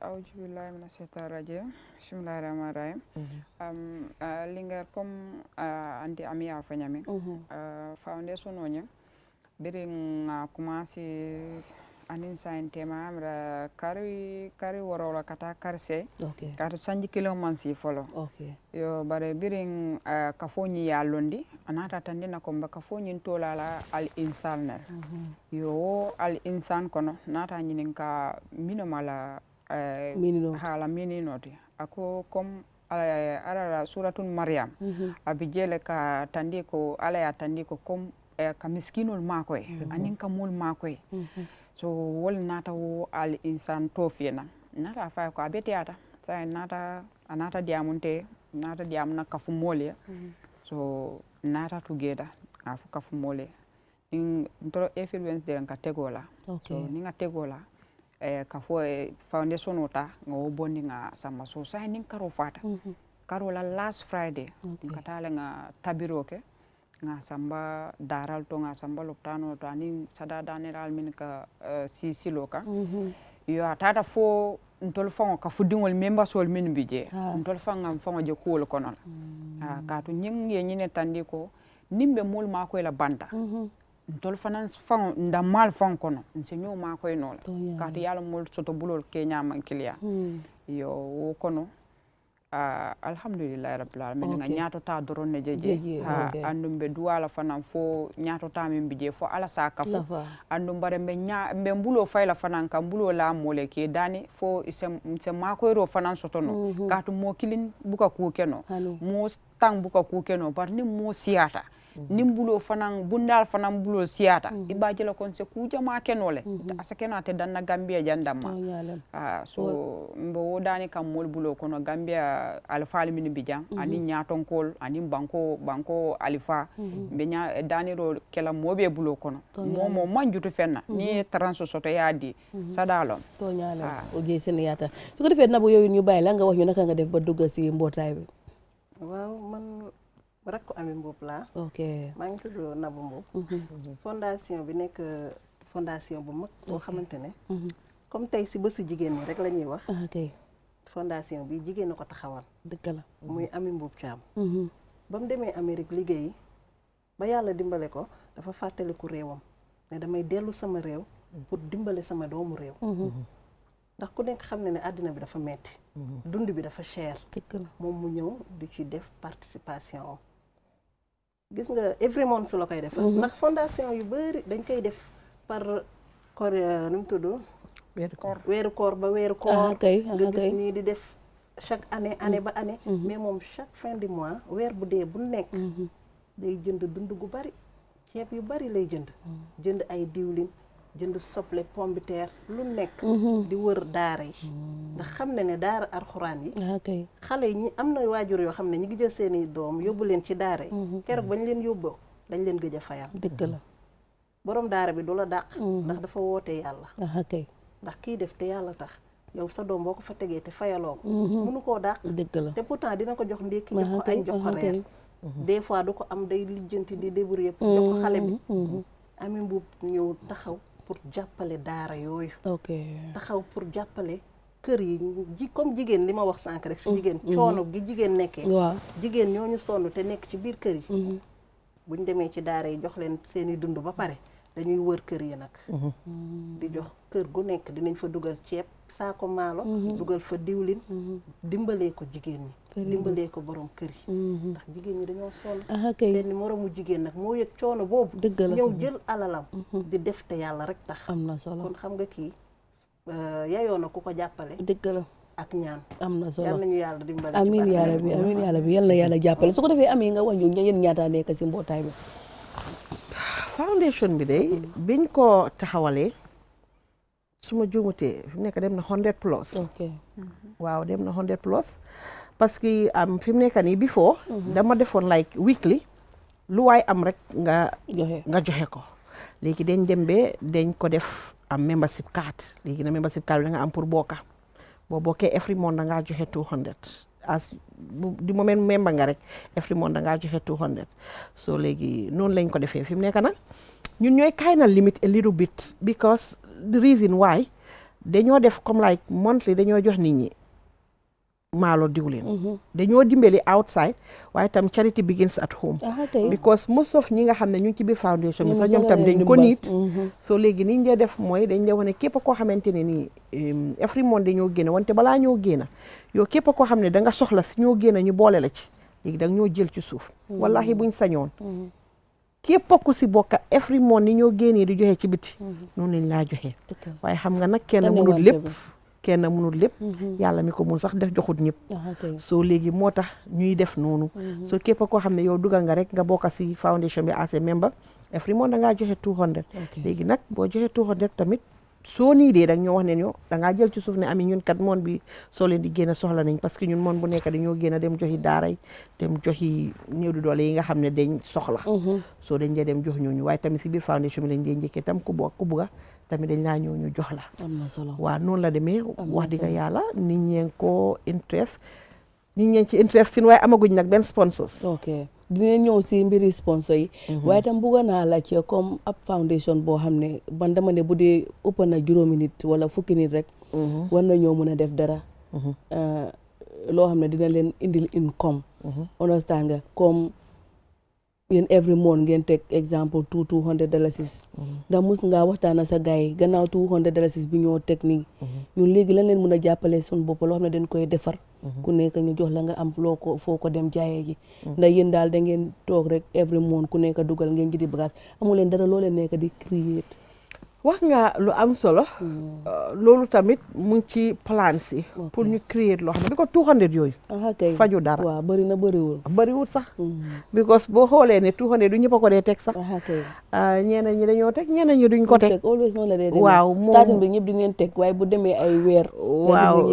awju billahi mina shaitan rajim bismillahi rahmani rahim mhm. lingar comme anti ami a fañami mhm. foundation oñe ɓerin commencé aninsaintemaamra kari kari worowla kata karse okay. kato sanji kilin mansi folo okay. yo bare birin uh, eh, kafoñi ya londi anata tandina komba kafoñin tolala al insan ner mhm. yo wo al insan kono nata ñinin ka minomala uh, eh, Minino. hala mininoti ako comme ala suratun mariam mm -hmm. abijele ka tandi ko ala ya tandi ko comme eh, ka miskinol makoye mm -hmm. ka mol makoye mhm. so wol nata wo al insan tofiyena nata fay ko abetiyata sai nata anata diamunte nata diamna kafu mole mm -hmm. so nata together afu kafu mole in ntoro influence de nka tegola so ninga tegola eh, kafo eh, foundation ota nga wo bondi nga sama so sai nin karo fata mm la last friday okay. nkatala nga tabiro ke nga samba daral to nga samba loptano to ani sada daneral min ka uh, eh, sisilo kan mhm. a tata fo ntol faŋo ka fudiŋol membasol min bi je ah. ntol faŋa faŋo je kuwol kono la mm kaatu ñiŋ ye ñine tandi ko niŋ be moolu maakoy la banta mm fanaŋ faŋo ndammaal faŋo kono nse ñoo maakoy noo la kaatu ye a loŋ moolu soto buloolu keeñaa maŋ kiliya hmm. yo wo kono Uh, ah, alhamdulillahi rabbil alamin okay. nga jeje ha okay. duwala fanan fo ñaato ta fo ala sa ka fo andum bare nya be mbulo fayla fanan kan mbulo la mole ke dani fo isem fanan sotono mm mo kilin buka ku mo tang buka ku keno par mo siata Mhm. nin bulo fanan bundal fanan bulo siyata mm -hmm. i b'a jela kon se ku jama keno le mm -hmm. asa keno ate danna gambia jandan ma ah, so mbo wo dani kam mol bulo kono gambia alfa ali min bi jan mm -hmm. ani ñatonkol ani banko banko alifa mhm. mbe ña daniro kela mobe bulo kono momo manjutu fenna mhm. ni transo soto yaadi sadalom to ñala ah. o ge sen yata su ko na nabo yow ñu bàyyi la nga wax ñu naka nga def ba dugg si mbootaay bi rakku Ami Mboup laa. ok maa ngi nabu Nabou Mboup. Mhm. Mhm. fondation bi nekk euh, fondation bu mag boo xamante ne. Mhm. comme tey si bésu jigéen ñi rek la ñuy wax. Ah, fondation bi jigéen na ko taxawal. dëgg la muy Ami Mboup Thiam. ba mu demee Amérique liggéey ba yàlla dimbale ko dafa ku réewam ne damay dellu sama réew. pour dimbale sama doomu réew. ndax ku nekk xam na ne àddina bi dafa metti dund bi dafa cher. moom mu ñëw di ci def participation gis nga every month su la koy def mhm. ndax fondation yu bëri dañ koy def par koor euh, nu mu tudd weeru koor weeru ba weeru koor ah, ah, nga gis nii di def chaque année année mhm. ba année mhm. mais moom chaque fin di mois weer bu dee bu nekk day jënd dund gu bari ceeb yu bari lay jënd jënd ay diwlin jënd soble pombiteer lu nekk mhm. di wër daara yi mm. ndax xam na ne daara alxuraan yi ah, xale yi ñi am na waajur yoo xam ne ñi ngi jël seeni doom yóbbu leen ci daara yi mhm. keroog bañ leen yóbboo dañ leen gëj a fayal dëgg la borom daara bi du la dàq mhm. ndax dafa woote yàlla ah, ndax kii def te yàlla tax yow sa doom boo ko fa tegee te fayaloo ko koo dàq dëgg la te pourtant dina ko jox ndékk jox ah, ko añ jox des fois du ko am day lijjanti di débrouiller pour jox ko xale bi ami mbuub ñëw taxaw pour jàppale daara yooyu. taxaw pour jàppale kër yi ji comme jigéen li ma wax sànq rek. si mm-hmm. jigéen coono gi jigéen nekkee. waaw jigéen ñu sonn te nekk ci biir kër yi. Mm-hmm. buñ demee ci daara yi jox leen seeni dund ba pare dañuy wër kër yi nag. Mm-hmm. di jox kër gu nekk dinañ fa dugal ceeb saako maalo. dugal fa diwlin. dimbalee ko jigéen ñi. dimbalee ko borom kër yi mm-hmm. ndax jigéen ñi dañoo sonn seen moromu jigéen nag moo yëg boobu dëgg la jël alalam mm-hmm. di def te yàlla rek tax am na solo kon xam nga kii euh, yayoo na ku ko jàppale dëgg la ak ñaan am na solo yal yàlla dimbale amiin yàlla bi amiin yàlla bi yal yàlla jàppale su ko defee am yi nga wàññi ña yéen ñaata nekk si mbootaay bi foundation bi day biñ ko taxawalee su ma juumutee fi mu nekk dem na hundred plus waaw dem na hundred plus parce que am fi mu nekk nii before mhm. dama defoon like weekly lu waay am rek nga nga joxe ko léegi dañ dem be dañ ko def am membership card léegi na membership card bi da nga am pour bokka boo bokkee every month da ngaa joxe 200 as du moment member nga rek every month da ngaa joxe 200 so léegi noonu lañ ko defee fi mu nekk nag ñun ñooy kind na limit a little bit because the reason why dañoo def comme like monthly dañoo jox nit ñi maalo diwlin mm-hmm. dañoo dimbali outside waaye tam charity begins at home ah, because most of ñi nga xam ne ñu ngi ci biir foundation bi sax ñoom tam de ñu ko niit mm-hmm. so léegi niñ dee def mooy dañ dee wane képp koo xamante ne nii every month dañoo génne wante balaa ñoo génne yow képp koo xam ne da nga soxla si ñoo génne ñu boole la ci léegi da ñoo jël ci suuf mm-hmm. wallahi buñ sañoon képp ku si bokka every month ni ñoo génnee di joxe ci biti noonu lañ laa joxe waaye xam nga nag kenn mënul lépp kenn mënul lépp mhm. yàlla mi ko mun sax def joxut ñëpp ah, soo léegi moo tax ñuy def noonu mhm. soo képp koo xam ne yow duga nga rek nga bokk si foundation bi as a member every month da ngaa joxe 200 léegi nag boo joxe 200 tamit soo nii dee dang ñoo wax ne ñoo da ngaa jël ci suuf ne ami ñun kat moon bi soo leen di génn soxla nañ parce que ñun moon bu nekk dañoo génn dem joxi daaray dem joxi néew di doole yi nga xam ne dañ soxla mhm. soo dañ dee dem jox ñooñu waaye tamit si biir foundation bi lañ dee njëkkee tam ku bugg ku bugga tamit dañ laa ñëw ñu jox la. am na solo waaw noonu la deme wax dëgg yàlla nit ñee koo interest. nit ñee ci interest sin waaye amaguñ nag benn sponsors. ok dina ñëw si mbiri sponsor yi. Mhm. waaye itam bëgg naa la ci comme ab foundation boo xam ne man dama ne bu dee ëpp na juróomi nit wala fukki nit rek. Mhm. war na mën a def dara. Mhm. Euh, loo xam ne dina leen indil income. understand nga comme. yéen every month ngeen teg exemple two two hundred dalasis mm-hmm. ndax mus ngaa waxtaana sa gars yi gannaaw two hundred dalasis bi ñoo teg mm-hmm. ñun léegi lan leen mën a jàppale suñu bopp xam ne dañ koy defar mm-hmm. ku nekk ñu jox la nga am loo ko foo ko dem jaayee ji ndax daal da ngeen toog rek every month ku nekk dugal ngeen ji di bagage amu dara loo leen di create wax nga lu am solo. Hmm. Euh, loolu tamit mu ci plan si. pour ñu créer loo xam ne bi ko two hundred yooyu. faju dara waaw bëri na bëriwul. bëriwul sax. Hmm. because boo xoolee ne two hundred du ñëpp ko dee teg sax. Euh, ñeneen ñi dañoo teg ñeneen ñi duñ ko teg. always noonu la dee demee waaw moom starting bi ñëpp di leen teg waaye bu demee ay weer. waaw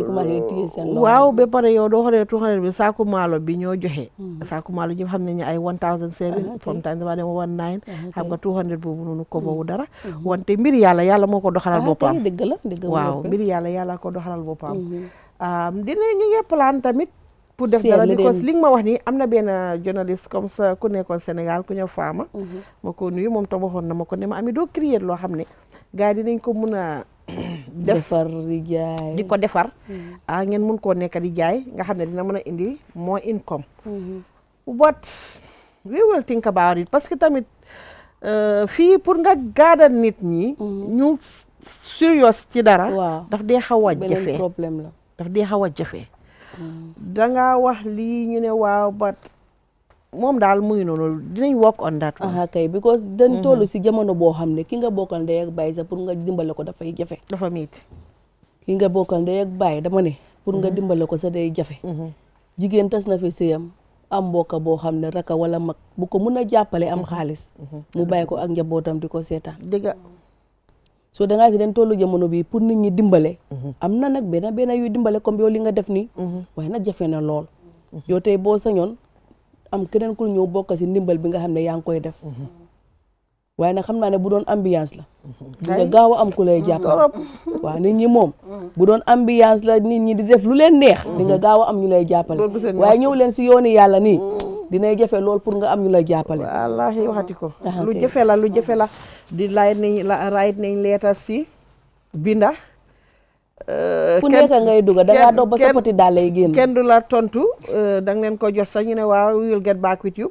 waaw ba yoo yow doo xoolee two hundred bi saaku maalo bi ñoo joxe. Hmm. saaku maalo ñëpp xam nañu ay one thousand seven. from time dama dem one nine. xam nga boobu noonu ko boobu dara. mbiri mbiri yàlla moo ko doxalal ah, boppam dëgg la dëgg la waaw mbiri yàlla yàlla ko mhm. dina ñu plan tamit pour def dara because li ma wax nii am na benn journaliste comme ça ku nekkoon Sénégal ku ñëw faama mhm. ma ko nuyu moom tam waxoon na ma ko ne ma ami doo créer loo xam ne gars yi a di jaay ko defar mhm. ah ngeen mun koo nekk di jaay nga xam ne dina mën a indi moo income but we will think about it parce que tamit Euh, fii pour nga gaadal nit ñi. Mhm. ñu sérieux ci dara. daf dee xaw a jafe problème la daf dee xaw a jafe. Mhm. da nga wax lii ñu ne waaw ba moom daal muy ngi noonu dinañ work on that. ah kay because dañ mhm. toll si jamono boo xam ne ki nga bokkal ndey ak baay sax pour nga dimbale ko dafay jafe. dafa métti. ki nga bokkal ndey ak baay dama ne. pour nga dimbale ko sax day jafe. jigéen tas na fi sëyam am mbokka boo xam ne raka wala mag bu ko mun a jàppale am mhm. xaalis mhm. mu bàyyi ko ak njabootam di ko seetaan dëgg so da ngaa si den tollu jamono bi pour nit ñi dimbale mhm. am na nag benn benn yuy dimbale comme yow li nga def ni waaye na jafe na lool yow tey boo sañoon am keneen ku ñëw bokk si ndimbal bi nga xam ne yaa ngi koy def waaye nag xam naa ne bu doon ambiance la mhm. di gaaw am ku lay jàppale waaw nit ñi moom mhm. bu doon ambiance la nit ñi di def lu leen neex di nga mhm. gaaw a am ñu lay jàppale waaye ñëw leen si yooni yàlla nii dinay jafe lool pour nga am ñu lay jàppale wallaahi waxati ko ah, lu jafe la jafe la di laayit nañ la raayit nañ si binda euh, fu nekk ngay dugg da ngaa doog ba sa poti daal lay génn kenn du la tontu euh, da nga leen ko jox sa ñu ne waaw we get back with you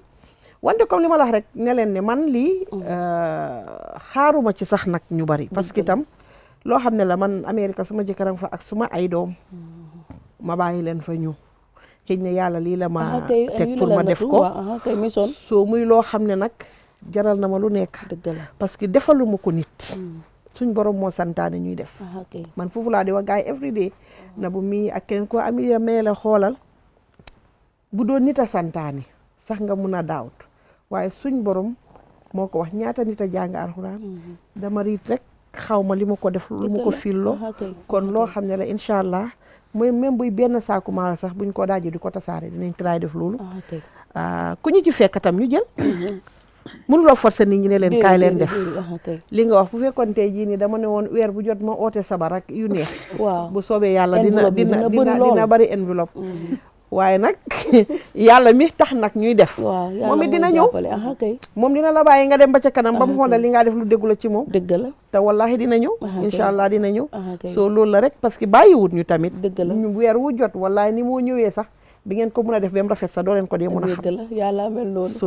wante comme li ma rek ne leen ne man lii mhm. euh, xaaruma ci sax nag ñu bari parce que itam loo xam ne la man Amérique suma jëkkëram fa ak suma ay doom mhm. ma bàyyi leen fa ñu xëy na yàlla lii la ma teg pour ma def ko soo muy loo xam ne nag jaral na ma lu nekk parce que defaluma ko nit mm. suñ borom moo santaane ñuy def man foofu laa di wax gars every day mm. na bu mii ak keneen ko amila mee la xoolal bu doon nit a santaane sax nga mun a daawut waaye suñ borom moo ko wax ñaata nit a jàng alxuraan mm-hmm. dama riit rek xaw ma li ma ko def lu ma ko fiilloo kon loo xam ne la incha allah mooy même buy benn saaku maala sax buñ ko daaje di ko tasaare dinañ try def loolu ah, ku ñu ci fekk tam ñu jël mënuloo mm-hmm. forcer nit ñi ne leen kaay leen def li nga wax bu fekkoon tey jii nii dama ne woon weer bu jot ma oote sabar ak yu neex waaw bu soobee yàlla dina dina dina dina bari enveloppe mm-hmm. waaye nag yàlla mi tax nag ñuy def. moom it dina ñëw mm-hmm. moom dina la bàyyi nga dem ba ca kanam. ba mu li nga def lu déggu ci moom. dëgg la te wallaahi dina ñëw. incha allah dina ñëw. soo loolu la rek parce que bàyyiwut ñu tamit. dëgg la ñu weer wu jot wallaahi ni moo ñëwee sax. bi ngeen ko mun a def bem rafet sa doo leen ko dee mun a xam la yàlla mel noonu so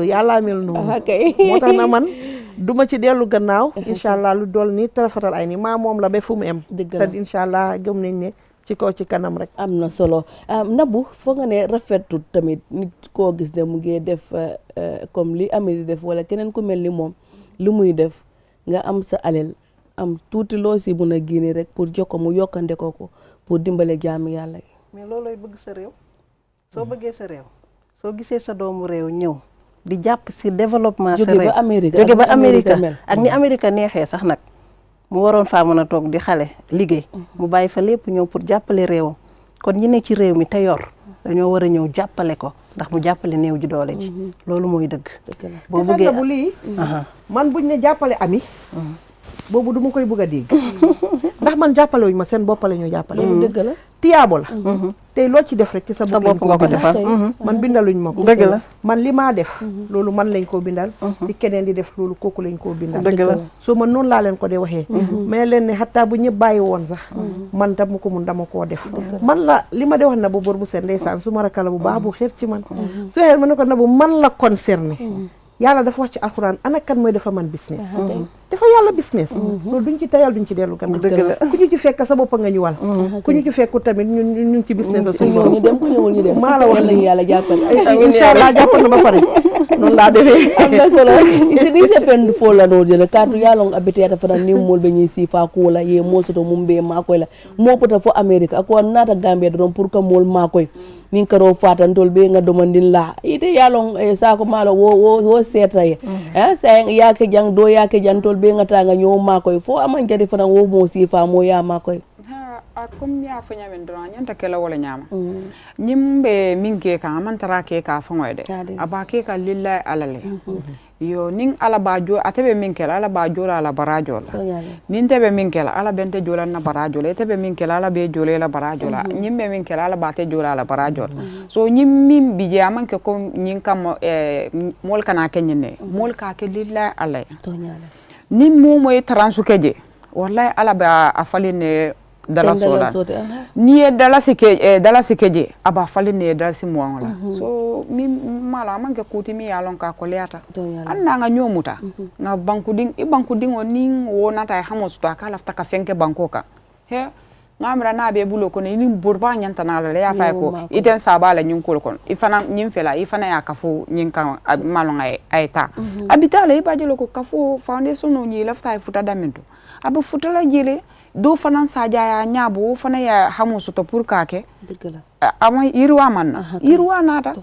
moo tax na man du ma ci dellu gannaaw incha allah lu dool nii te rafetal ay ni maa moom la ba fu mu em te incha allah gëm nañ ne ci ko ci kanam rek. am na solo am Nabou foo nga ne rafetul tamit nit koo gis ne mu ngi def euh, euh, comme li Amie def wala keneen ku mel ni moom lu muy def nga am sa alal am tuuti loo si mun a génne rek pour jokko mu yokkande ko ko dimbale jaami yàlla yi. mais loolooy bëgg sa réew. soo bëggee sa réew soo gisee sa doomu réew ñëw. di jàpp si développement. sa réew jóge ba Amérique ak ni Amérique neexee sax nag. mu waroon faa mën a toog di xale liggéey mu bàyyi fa lépp ñëw pour jàppale réewam kon ñi ne ci réew mi te yor dañoo war a ñëw jàppale ko ndax mu jàppale new ji doole ji mhm. loolu mooy dëgg boo bëggee bu lii man buñ ne jàppale ami mhm. boobu du ma koy bëgg a dégg ndax man jàppalewuñu ma seen bopp la ñu jàppale mm-hmm. dëgg la tiyaabo la mm-hmm. tey loo ci def rek sa bopp mm-hmm. man bindaluñ ma la man li maa def loolu man lañ koo bindal ci keneen di def loolu kooku lañ koo bindal la soo man noonu laa leen ko de waxee mais leen ne xataa bu ñëpp bàyyi woon sax man dama ko mun dama def man la li ma de wax na bu bor bu seen ndeysaan su ma rakala bu baax bu xeer ci man su xeer ma ne ko na bu man la concerné yàlla dafa wax ci alxuraan ana kan mooy dafa man business mhm. dafa yàlla business mhm. loolu duñ ci tayal duñ ci dellu gannaaw ku ñu ci fekk sa bopp nga ñu wal mhm. ku ñu ci fekku tamit ñun ñun ci business la suñu ñu dem ku ñëwul ñu dem maa la wax nañu yàlla jàppal incha allah jàppal na ba pare noonu laa defee am na solo isiɗi sefendu fo lanoo jele kaatu yaalong a beteyata fana nimmol ɓe maakoy la mo pota fo amérique a ko naata gambie ɗo ɗon pour que maakoy ninkaro fatantol ɓe gaddomandinla ite yalon e sako malo wo wo seetaye mm-hmm. eh, sa yake jang do yake jantol ɓe gataga ñowma koye fo amancati fana wo mo sifa mo yama koye a comme ya fo ñamen dora ñanta kela wala ñama mm-hmm. ñim ɓe min ke kan amantara ke ka faŋoye de aba ke ka lillahi alale mm-hmm. yo nin ala ba jo ate a min kela ala la nin te be min kela ala bente jola na la ete be min kela ala be jola la la mhm. nin be min kela ala ba te jola la mhm. so nin min bije aman ke ko nin kam eh, mol kana ke nin ne mhm. mol ka ke lillahi ala nin mo mo e transu keje wallahi ala ba afali ne dala soda ni ye dala sike eh, dala a je a fali ne dala si mo la mm -hmm. so mi mala man ke kuti mi yalon ka ko leata an na mhm. nga nyomuta mm -hmm. banku ding i banku ding o nin wo na a e hamo sto ka lafta ka a banko ka he nga mra na be bulo ko ni burba nyanta na la ya fa ko iten la nyin kol kon i fana nyin fela i fana ya kafu nyin kan malon ay e, ayta e mm -hmm. abitala i bajelo ko kafu foundation no futa daminto abu futala do fana sajaya ñaabo fana ya hamu soto pour kake ama yirwa manna yirwa nata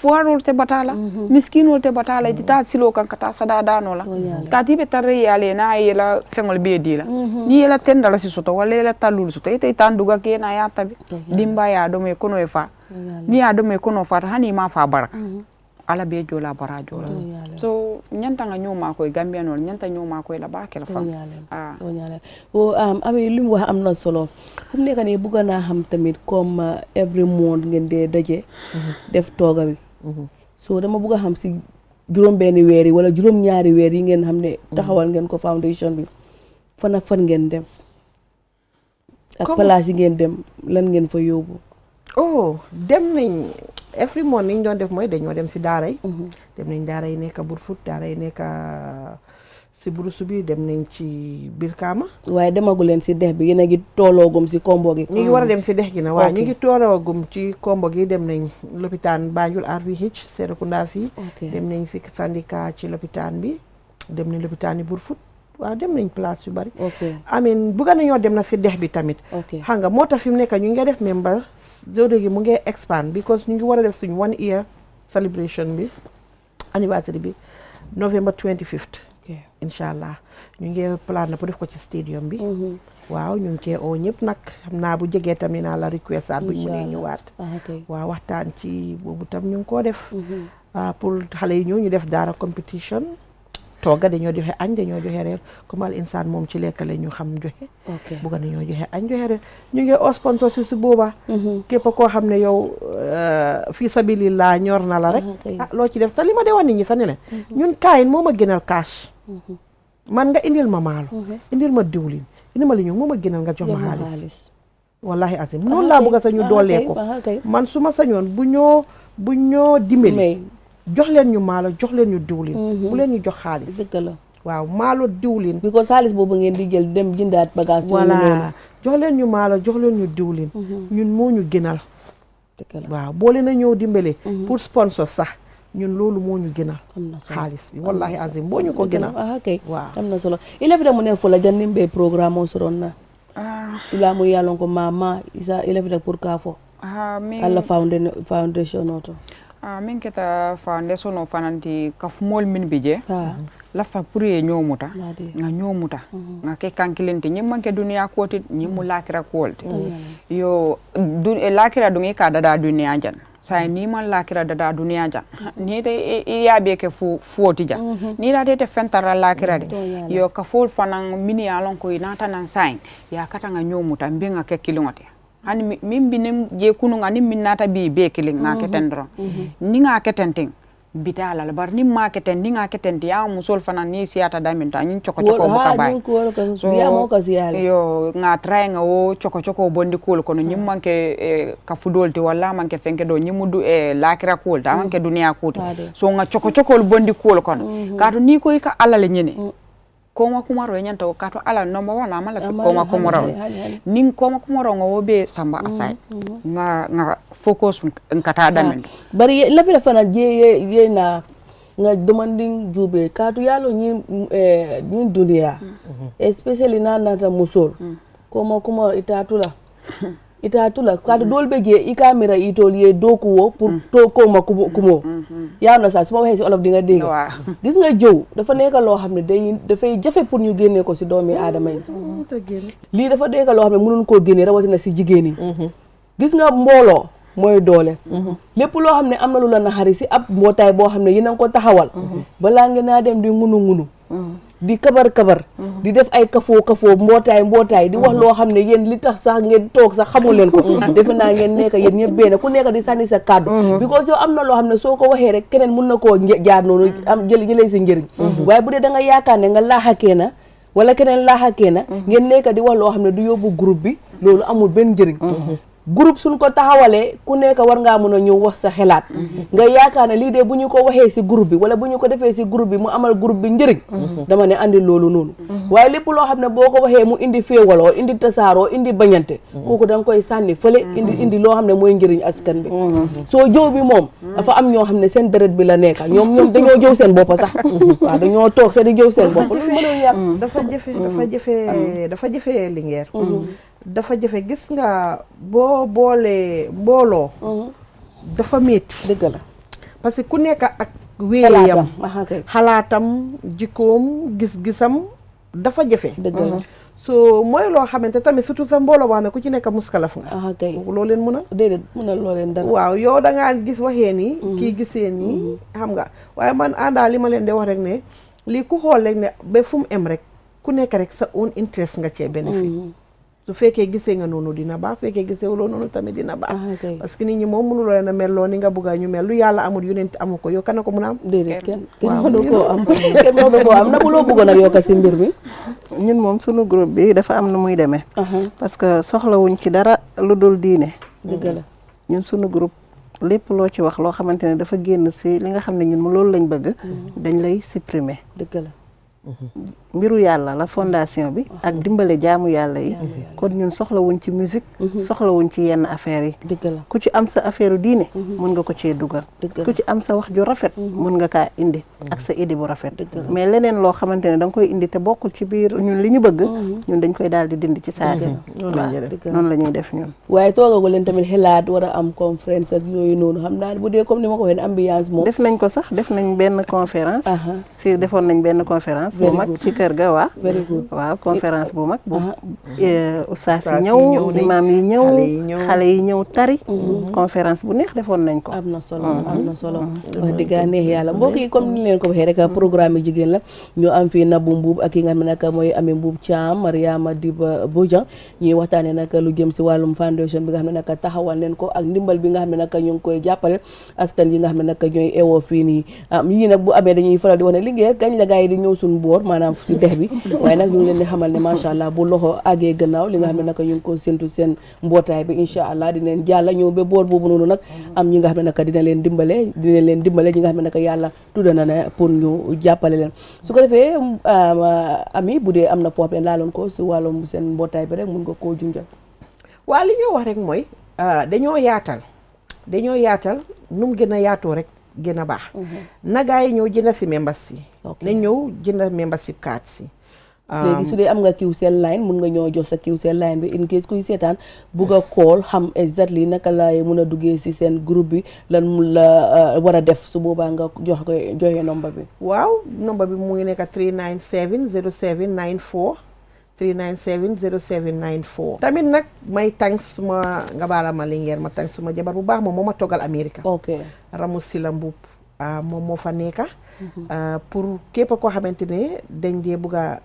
foirol te batala mhm. miskinol te batala mm -hmm. silo kan kata sada danola tati be tarre yale na yela fengol be dila mhm. ni yela tendala soto wala yela talul soto ite itan ke na ya tabi dimba ya do me kono fa ni ya do me kono fa hani ma fa baraka mhm. ala be jola bara jola mm. so nyanta nga nyoma koy gambian wol nyanta nyoma koy la ba kel fa ah o nyala o am ami lim wax am na solo kum ne kan bëgg naa xam tamit koom uh, every month ngeen dee daje mm -hmm. def tooga bi mm so dama bëgg xam si juróom benni weer yi wala juróom ñaari weer yi ngeen xam ne mhm. taxawal ngeen ko foundation bi fana fan ngeen dem ak place ngeen dem lan ngeen fa yóbbu oh, every morning ñu doon def mooy dañoo dem si daara yi mhm. dem nañ daara yi nekk Brufut daara yi nekk ah, si burusu bi dem nañ ci biir kaama waaye demagu leen si dex bi yéen a ngi tooloogum si kombo gi ñu ngi war a dem si dex gi na waaw ñu ngi tooloogum ci kombo gi dem nañ lopitaan Banjul RVH Serekunda fii dem nañ si Sandika ci lopitaan bi dem nañ lopitaan yi Brufut waaw dem nañ place yu bari. amin bugga nañoo dem na si dex bi tamit. xam nga moo tax fi mu nekk ñu ngi def member zone gi mu ngi expand because ñu ngi war a def suñu one year celebration bi anniversary bi November 25th. incha allah ñu ngi plan na pour def ko ci stadium bi. Mhm. waaw ñu ngi cee oo ñëpp nag xam naa bu jegee tamit naa la requestaat bu ñu mënee ñëwaat. Ah, waaw waxtaan ci boobu tam ñu ngi koo def. Mhm. Ah, pour xale yi ñëw ñu def daara competition. togga dañoo joxe añ dañoo joxe reer comme al insaan moom ci lekk la ñu xam joxe bu ko dañoo joxe añ joxe reer ñu ngi o sponsor si si boobaa mhm. képp koo xam ne yow euh, fii la ñor na la rek mhm, ah loo ci def ta li de dee wax nit ñi sax ni leen mhm. ñun kaayin moo a gënal cash man nga indil ma maalo indil ma diwlin indil ma li ñu moo ma gënal nga jox ma xaalis wallahi azim noonu laa bëgg sa sañu doolee ko man su ma sañoon bu ñoo bu ñoo dimbali jox leen ñu maalo jox leen ñu diwlin. bu mhm. leen ñu jox xaalis. dëgg la waaw maalo diwlin. bi ko xaalis boobu ngeen di jël dem jëndaat bagage. voilà jox leen ñu maalo jox leen ñu diwlin. Mhm. ñun moo ñu gënal. dëgg la waaw boo leen a ñëw dimbale. Mhm. pour sponsor sax. ñun loolu moo ñu gënal. xaalis bi wallahi azim boo ñu ko gënal. ah ok am na solo il est mu ne fula janni be programme o soronna ah. ila mu yalon ko mama isa il est pour kafo. ah mais Allah foundation foundation oto a ah, min keta fande sono fananti kafumol min bi je lafta pour ye ñomuta nga ñomuta mhm. nga ke kankilinti ñim manke duniya koti ñim mu mhm. lakira kuwolti yo e lakira duniya jan sai ni man lakira dada duniya jan ni de iya e, e, be ke fu fuoti jan mhm. ni da de fentara lakira de yo ka fol fanan mini alon ko inata nan sai ya nga ñomuta mbinga ke hani min binem je kununga nin min nata bi be kilin nga mhm. keten dron mhm. ni nga keten ting bita la bar ni ma keten ni nga keten ti ya musol fana ni siata damin ta ni choko choko buka choko choko bondi kul kono nyim ah. manke eh, ka fudol ti wala manke fenke do nyimu du eh, lakira kul ta mm. manke dunia kul so nga choko choko bondi kul kono mm ni ko ka alale nyene mm. koma kumaro yenyanta ko kato ala nomba wana mala fi koma kumaro nin koma samba mm, asai mm. nga nga focus nkata ah. damen bari la fi fana je ye, na nga demanding jube kato yalo ni mm, eh, ni especially na nata musol mm. koma kumaro itatula itaatu tula kadi dool be jee i ka mira itol ye dookuwo pour mm. too koma kumo kumo mm, mm, yaa na saa su ma waxee si olof di nga dégg gis nga jëw dafa nekk loo xam ne day dafay jafe pour ñu génnee ko si doomi aadama yi lii dafa nekk loo xam ne mënuñ koo génnee na si jigéen yi mm-hmm. gis nga mbooloo mooy doole mm-hmm. lépp loo xam ne am na lu la naxari si ab mbootaay boo xam ne yi nanga ko taxawal mm-hmm. balaa ngeen naa dem di ngunu ngunu di kabar kabar. di def ay kafoo kafoo mbootaay mbootaay di wax loo xam ne yéen li tax sax ngeen toog sax xamu leen ko. defe naa ngeen nekk yéen ñëpp benn ku nekk di sànni sa kàddu. because yow am na loo xam ne soo ko waxee rek keneen mun na koo jaar noonu am jël jëlee si njëriñ. waaye bu dee da nga yaakaar ne nga laaxakee na wala keneen laaxakee na. ngeen nekk di wax loo xam ne du yóbbu groupe bi loolu amul benn njëriñ. groupe suñ ko taxawalee ku nekk war ngaa mën a ñëw wax sa xelaat mhm. nga yaakaar ne lii dee bu ñu ko waxee si groupe bi wala bu ñu ko defee si groupe bi mu amal groupe bi njëriñ mhm. dama ne andi loolu noonu mhm. waaye lépp loo xam ne boo ko waxee mu indi féewaloo indi tasaaroo indi bañante kooku danga koy sànni fële indi indi loo xam ne mooy njëriñ askan bi soo jëw bi moom dafa am ñoo xam ne seen deret bi la nekka ñoom ñoom dañoo jëw seen bopp sax waaw dañoo toog sax di jëw seen bopp loolu mënul yàq dafa jëfe dafa jëfe dafa jëfe lingeer dafa jafe gis nga boo boolee mbooloo. Mm-hmm. dafa metti dëgg la parce que ku nekk ak wéeyam xalaatam jikkoom gis-gisam dafa jafe dëgg la mm-hmm. so mooy loo xamante tamit surtout sa mbooloo boo xam ne ku ci nekk muskalaf nga loo leen mën a déedéet mënal loo leen dara waaw yow da ngaa gis waxee nii mm-hmm. kii gisee nii xam nga waaye man àndaa ah, li ma leen de wax rek ne lii ku xool rek ne ba fu mu em rek ku nekk rek sa own interest nga cee bénéfice su fekkee gisee nga noonu dina baax fekkee gisee loo noonu tamit dina baax. Ah, parce que nit ñi moom mënuloo leen nga bëgg a ñu mel lu yàlla amul yonent amu ko yow kana ko a am. déedéet kenn kenn mënu koo na loo bëggoon a yokk si mbir mi. ñun moom sunu groupe bi dafa am nu muy demee. parce que soxlawuñ ci dara lu dul diine. dëgg la ñun sunu groupe lépp loo ci wax loo xamante ne dafa génn si li nga xam ne ñun loolu lañ bëgg. Mm. dañ lay supprimer. dëgg la. Mhm. mbiru yàlla la fondation bi ak dimbale jaamu yàlla yi kon ñun soxlawuñ ci musique mhm. soxlawuñ ci yenn affaires yi ku ci am sa affaire diine mhm. mun nga ko cee dugal ku ci am sa wax ju rafet mhm. mun nga ka indi ak sa idée bu rafet mais leneen loo xamante ne da nga koy indi te bokkul ci biir ñun li ñu bëgg ñun dañ koy daal di dindi ci saasi waaw noonu la ñuy def ñun waaye toogagu leen tamit xelaat war a am conférence ak yooyu noonu xam naa bu dee comme ni ma ko waxee ko sax def nañ benn conférence si nañ benn conférence bu kër ga waaw waaw conférence bu mag bu ah. eh, ustaas yi ñëw imaam yi ñëw xale yi ñëw tari mm-hmm. conférence bu neex defoon nañ ko am na solo am na mm-hmm. solo mm-hmm. wax dëgg neex yàlla mbokk yi comme ni leen ko waxee rek programme yi jigéen la ñu am fii Nabou Mbuub ak ki nga xam ne nag mooy Amie Mbuub Thiam Mariama Diba Bojang ñuy waxtaanee nag lu jëm si wàllum foundation bi nga xam ne nag taxawal leen ko ak ndimbal bi nga xam ne nag ñu ngi koy jàppale askan yi nga xam ne nag ñooy ewoo fii nii yii ah, nag bu amee dañuy faral di wax ne liggéey kañ la gars yi di ñëw suñu boor maanaam ci dex bi waaye nag ñu leen di xamal ne macha allah bu loxo àggee gannaaw li nga xam ne naka ñu seen mbootaay bi incha allah dinañ jàlla ñëw ba boor boobu noonu nag am ñi nga xam ne naka dina leen dimbale dina leen dimbale ñi nga xam ne naka yàlla tudd na ne leen su ko defee euh, ami bu dee am na foo xam ne laaloon ko si wàllum seen mbootaay bi rek mun nga koo junjal waa li ñoo wax rek mooy euh, dañoo yaatal dañoo yaatal nu gën a yaatoo rek gën a baax mm-hmm. nagaay ñoo jëna si membas yi na ñëw jënd membership card si. léegi um, su dee am nga QCell line mun nga ñoo jox sa seen line bi in case kuy seetaan bugg a call xam exactly naka lay mun a duggee si seen groupe bi lan mu la uh, war a def su boobaa nga jox ko joxe nomba bi. waaw nomba bi mu ngi nekk 397 07 94 397 07 94. tamit nag may thanks ma nga baala ma lingeer ma thanks suma jabar bu baax moom moo ma toggal Amérique. ok Ramu la Mbuup. Euh, moom moo fa neeka mhm. euh, pour képp koo xamante ne dañ dee bugg a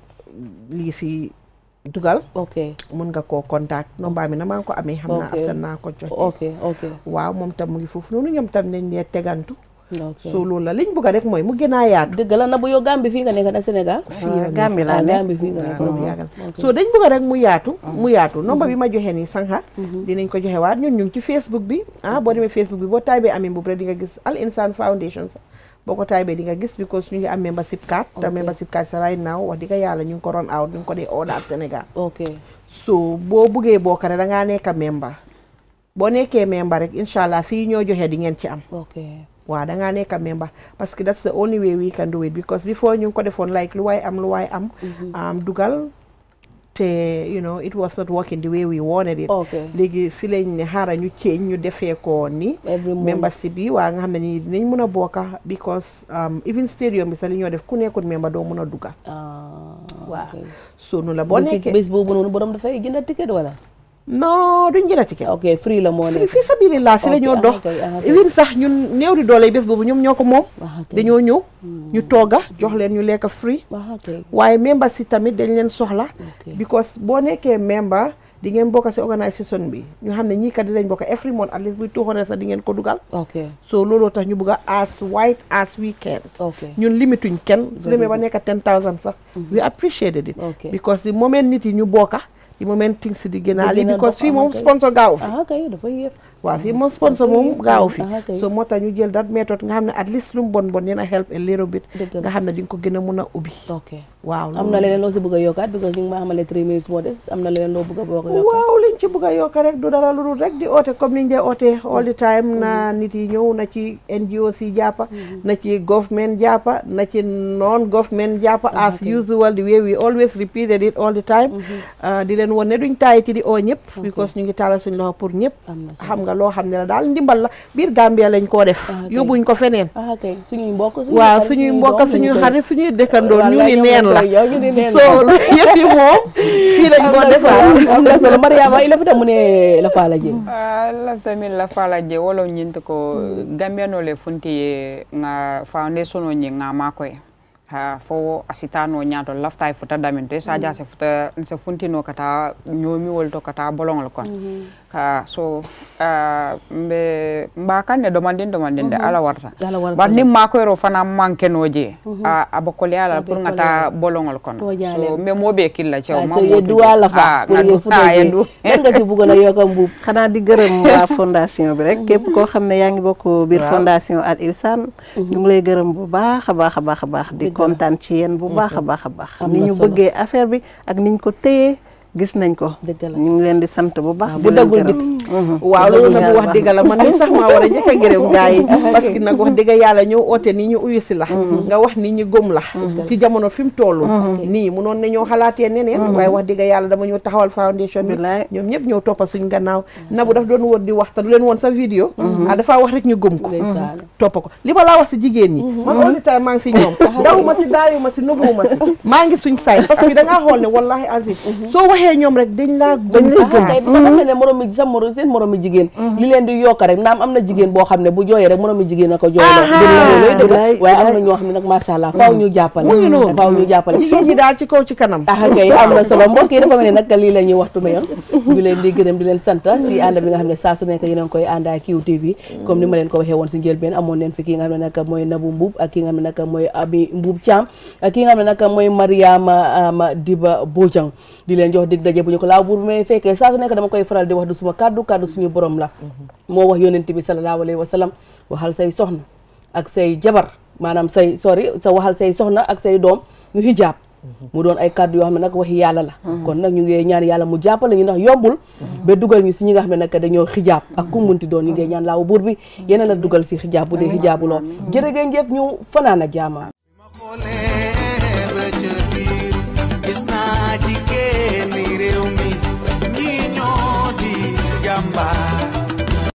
lii si dugal mun nga koo contact nomba mi na maa ko amee xam na after naa ko joxe waaw moom tam mu ngi foofu noonu ñoom tam nañ dee tegantu so loolu la liñ bëgg rek mooy mu gën a yaatu dëgg la na bu yow Gambie fii nga nekk na Sénégal Gambie laa ah, Gambie fii dañ bëgg rek mu yaatu ah. mu yaatu nomba bi ma mm-hmm. joxe nii sànqa mm-hmm. dinañ ko joxe waat ñun ñu ngi ci Facebook bi ah boo demee Facebook bi boo taybee Amie Mboup rek di nga gis Al Insan Foundation boo ko taybee di nga gis because ñu ngi am membership nga yàlla ñu ngi ko run out ñu ngi ko dee boo buggee bokk da ngaa nekk member boo nekkee member rek incha allah fii ñoo joxe di ngeen ci am ok waaw dangaa ngaa nekk member parce que that's the only way we can do it because before ñu ngi ko defoon like lu waay am lu waay am. am mm-hmm. um, dugal. te you know it was not working the way we wanted it. léegi si lañ ne xaaral ñu change ñu defee ko ni. membership yi waa nga xam ne nii dinañ mën a bokk because um, even stadium bi sax li ñoo def ku nekkul member doo mën a dugga. Ah, waaw so nu la boo nekkee bés boobu noonu borom dafay jënd ticket wala. non duñ jënd ticket. ok free la moo nekk fii sa biir laa si la ñoo dox. win sax ñun néew di doole bés boobu ñoom ñoo ko moom. dañoo ñëw hmm. ñu tooga jox leen ñu lekk free. waaye member si tamit dañ leen soxla. because boo nekkee member di ngeen bokk si organisation bi ñu xam ne ñii kat dinañ bokk every month at least buy two hundred sax di ngeen ko dugal. ok so looloo tax ñu bugg a as white as we can. ñun limituñ ken su demee ba nekk ten thousand sax. we mm-hmm. appreciated di because the moment nit yi ñu bokka yi mu mel ni si di gënaal yi because fii moom sponsor gaaw fi waaw fii moom sponsor moom gaaw fi so moo tax ñu jël dat méthode nga xam ne at least lu mu bon bon dina help a little bit nga xam ne di nga ko gën a mun a ubbi waaw am na leneen loo si bëgg a yokkaat a bëgg a liñ ci bëgg a rek du dara lu dul rek di oote comme niñ dee oote all the time na nit yi ñëw na ci NGO si mm-hmm. na ci government jàppa na ci non government jàppa as usual the way we always repeated it all the time mm-hmm. uh, di leen woon ne duñ taay ci di oo ñëpp because ñu ngi taalal suñ loxo pour ñëpp xam nga loo xam ne la daal ndimbal la biir Gambia lañ koo def ah, yóbbuñ ko feneen waaw ah, suñuy mbokk suñuy xarit suñuy dëkkandoon ñu ni neen la voilà soo yëf moom fii lañ ko defal am na solo Mariama i lafita mu ne lafala je wolo ñinti ko gambiano le funti ye nga foundation o ñi nga makoye ha fo asitano ñaato lafta e futa damin to e se futa se funtino kata ñoomiwol to kata bolongol kon mhm. Uh, so uh, mbe mba kanne domandin domandin de mm -hmm. ala warta bat ni makoyro fana manke noje mm -hmm. uh, abakole ala pour ngata bolongol kono so mbe mobe killa cew ah, ma so yedu ala fa pour ye futa ah, yedu nga ci di gërëm waa bi rek képp koo xam ne yaa ngi bokk biir fondation Al Irsan mhm. ñu ngi lay gërëm bu baax a baax a baax a baax di kontaan ci yéen bu baax a mhm. baax a baax affaire bi ak niñ ko téye gis nañ ko. dëgg leen di sant bu baax. Ah, bu dagul dikk mhm. waaw loolu nag wax dëgg la man sax maa war a njëkk a gërëm gars yi parce que nag wax dëgg yàlla ñëw oote nii ñu uyu la. Mhm. nga wax ni ñu gëm la. Mhm. ci jamono fi mu toll. nii munoon nañoo xalaatee neneen. waaye wax dëgg yàlla dama ñëw taxawal foundation bi. ñoom ñëpp ñëw toppa suñu gannaaw. nabu daf doon woon di wax te du leen woon sa vidéo. ah dafaa wax rek ñu gëm ko. toppa ko li ma laa wax si jigéen ñi. man all the time maa ngi ma si daayu ma si nëbbu ma si. maa ngi waxee ñoom rek dañ laa dañ mi sax morom mi jigéen mm-hmm. li di yokk rek naam am na jigéen boo xam ne bu jooyee rek morom mi jigéen ko jooy lay dëgg xam ne mm-hmm. daal ci kaw ci kanam am na solo mbokk yi dafa mel ne nag lii la ñuy waxtu mayam ñu leen di gërëm di leen sant si ànd bi nga xam ne saa su nekk yeneen koy ànd ak QTV comme ni ma leen ko waxee woon si njëlbeen amoon neen fi ki nga xam ne nag mooy Nabou Mboup ak ki nga nga xam ne nag mooy Mariama Diba dig daje bu ñu ko laaw buur bi may fekkee saa su nekk dama koy faral di wax du suma kàddu kàddu suñu borom la moo wax yonent bi salallaahu alayhi wa sallam waxal say soxna ak say jabar maanaam say sori sa waxal say soxna ak say doom ñu hijaab mu doon ay kàddu yoo xam ne nag waxi yàlla la kon nag ñu ngee ñaan yàlla mu jàppale ñu ndax yombul ba dugal ñu su ñi nga xam ne nag dañoo xijaab ak ku munti doon ñu ngee ñaan laaw buur bi yéen a la dugal si xijaab bu dee xijaabu loo jërë ngeen jëf ñu fanaan a jaamaa gis naa acabar.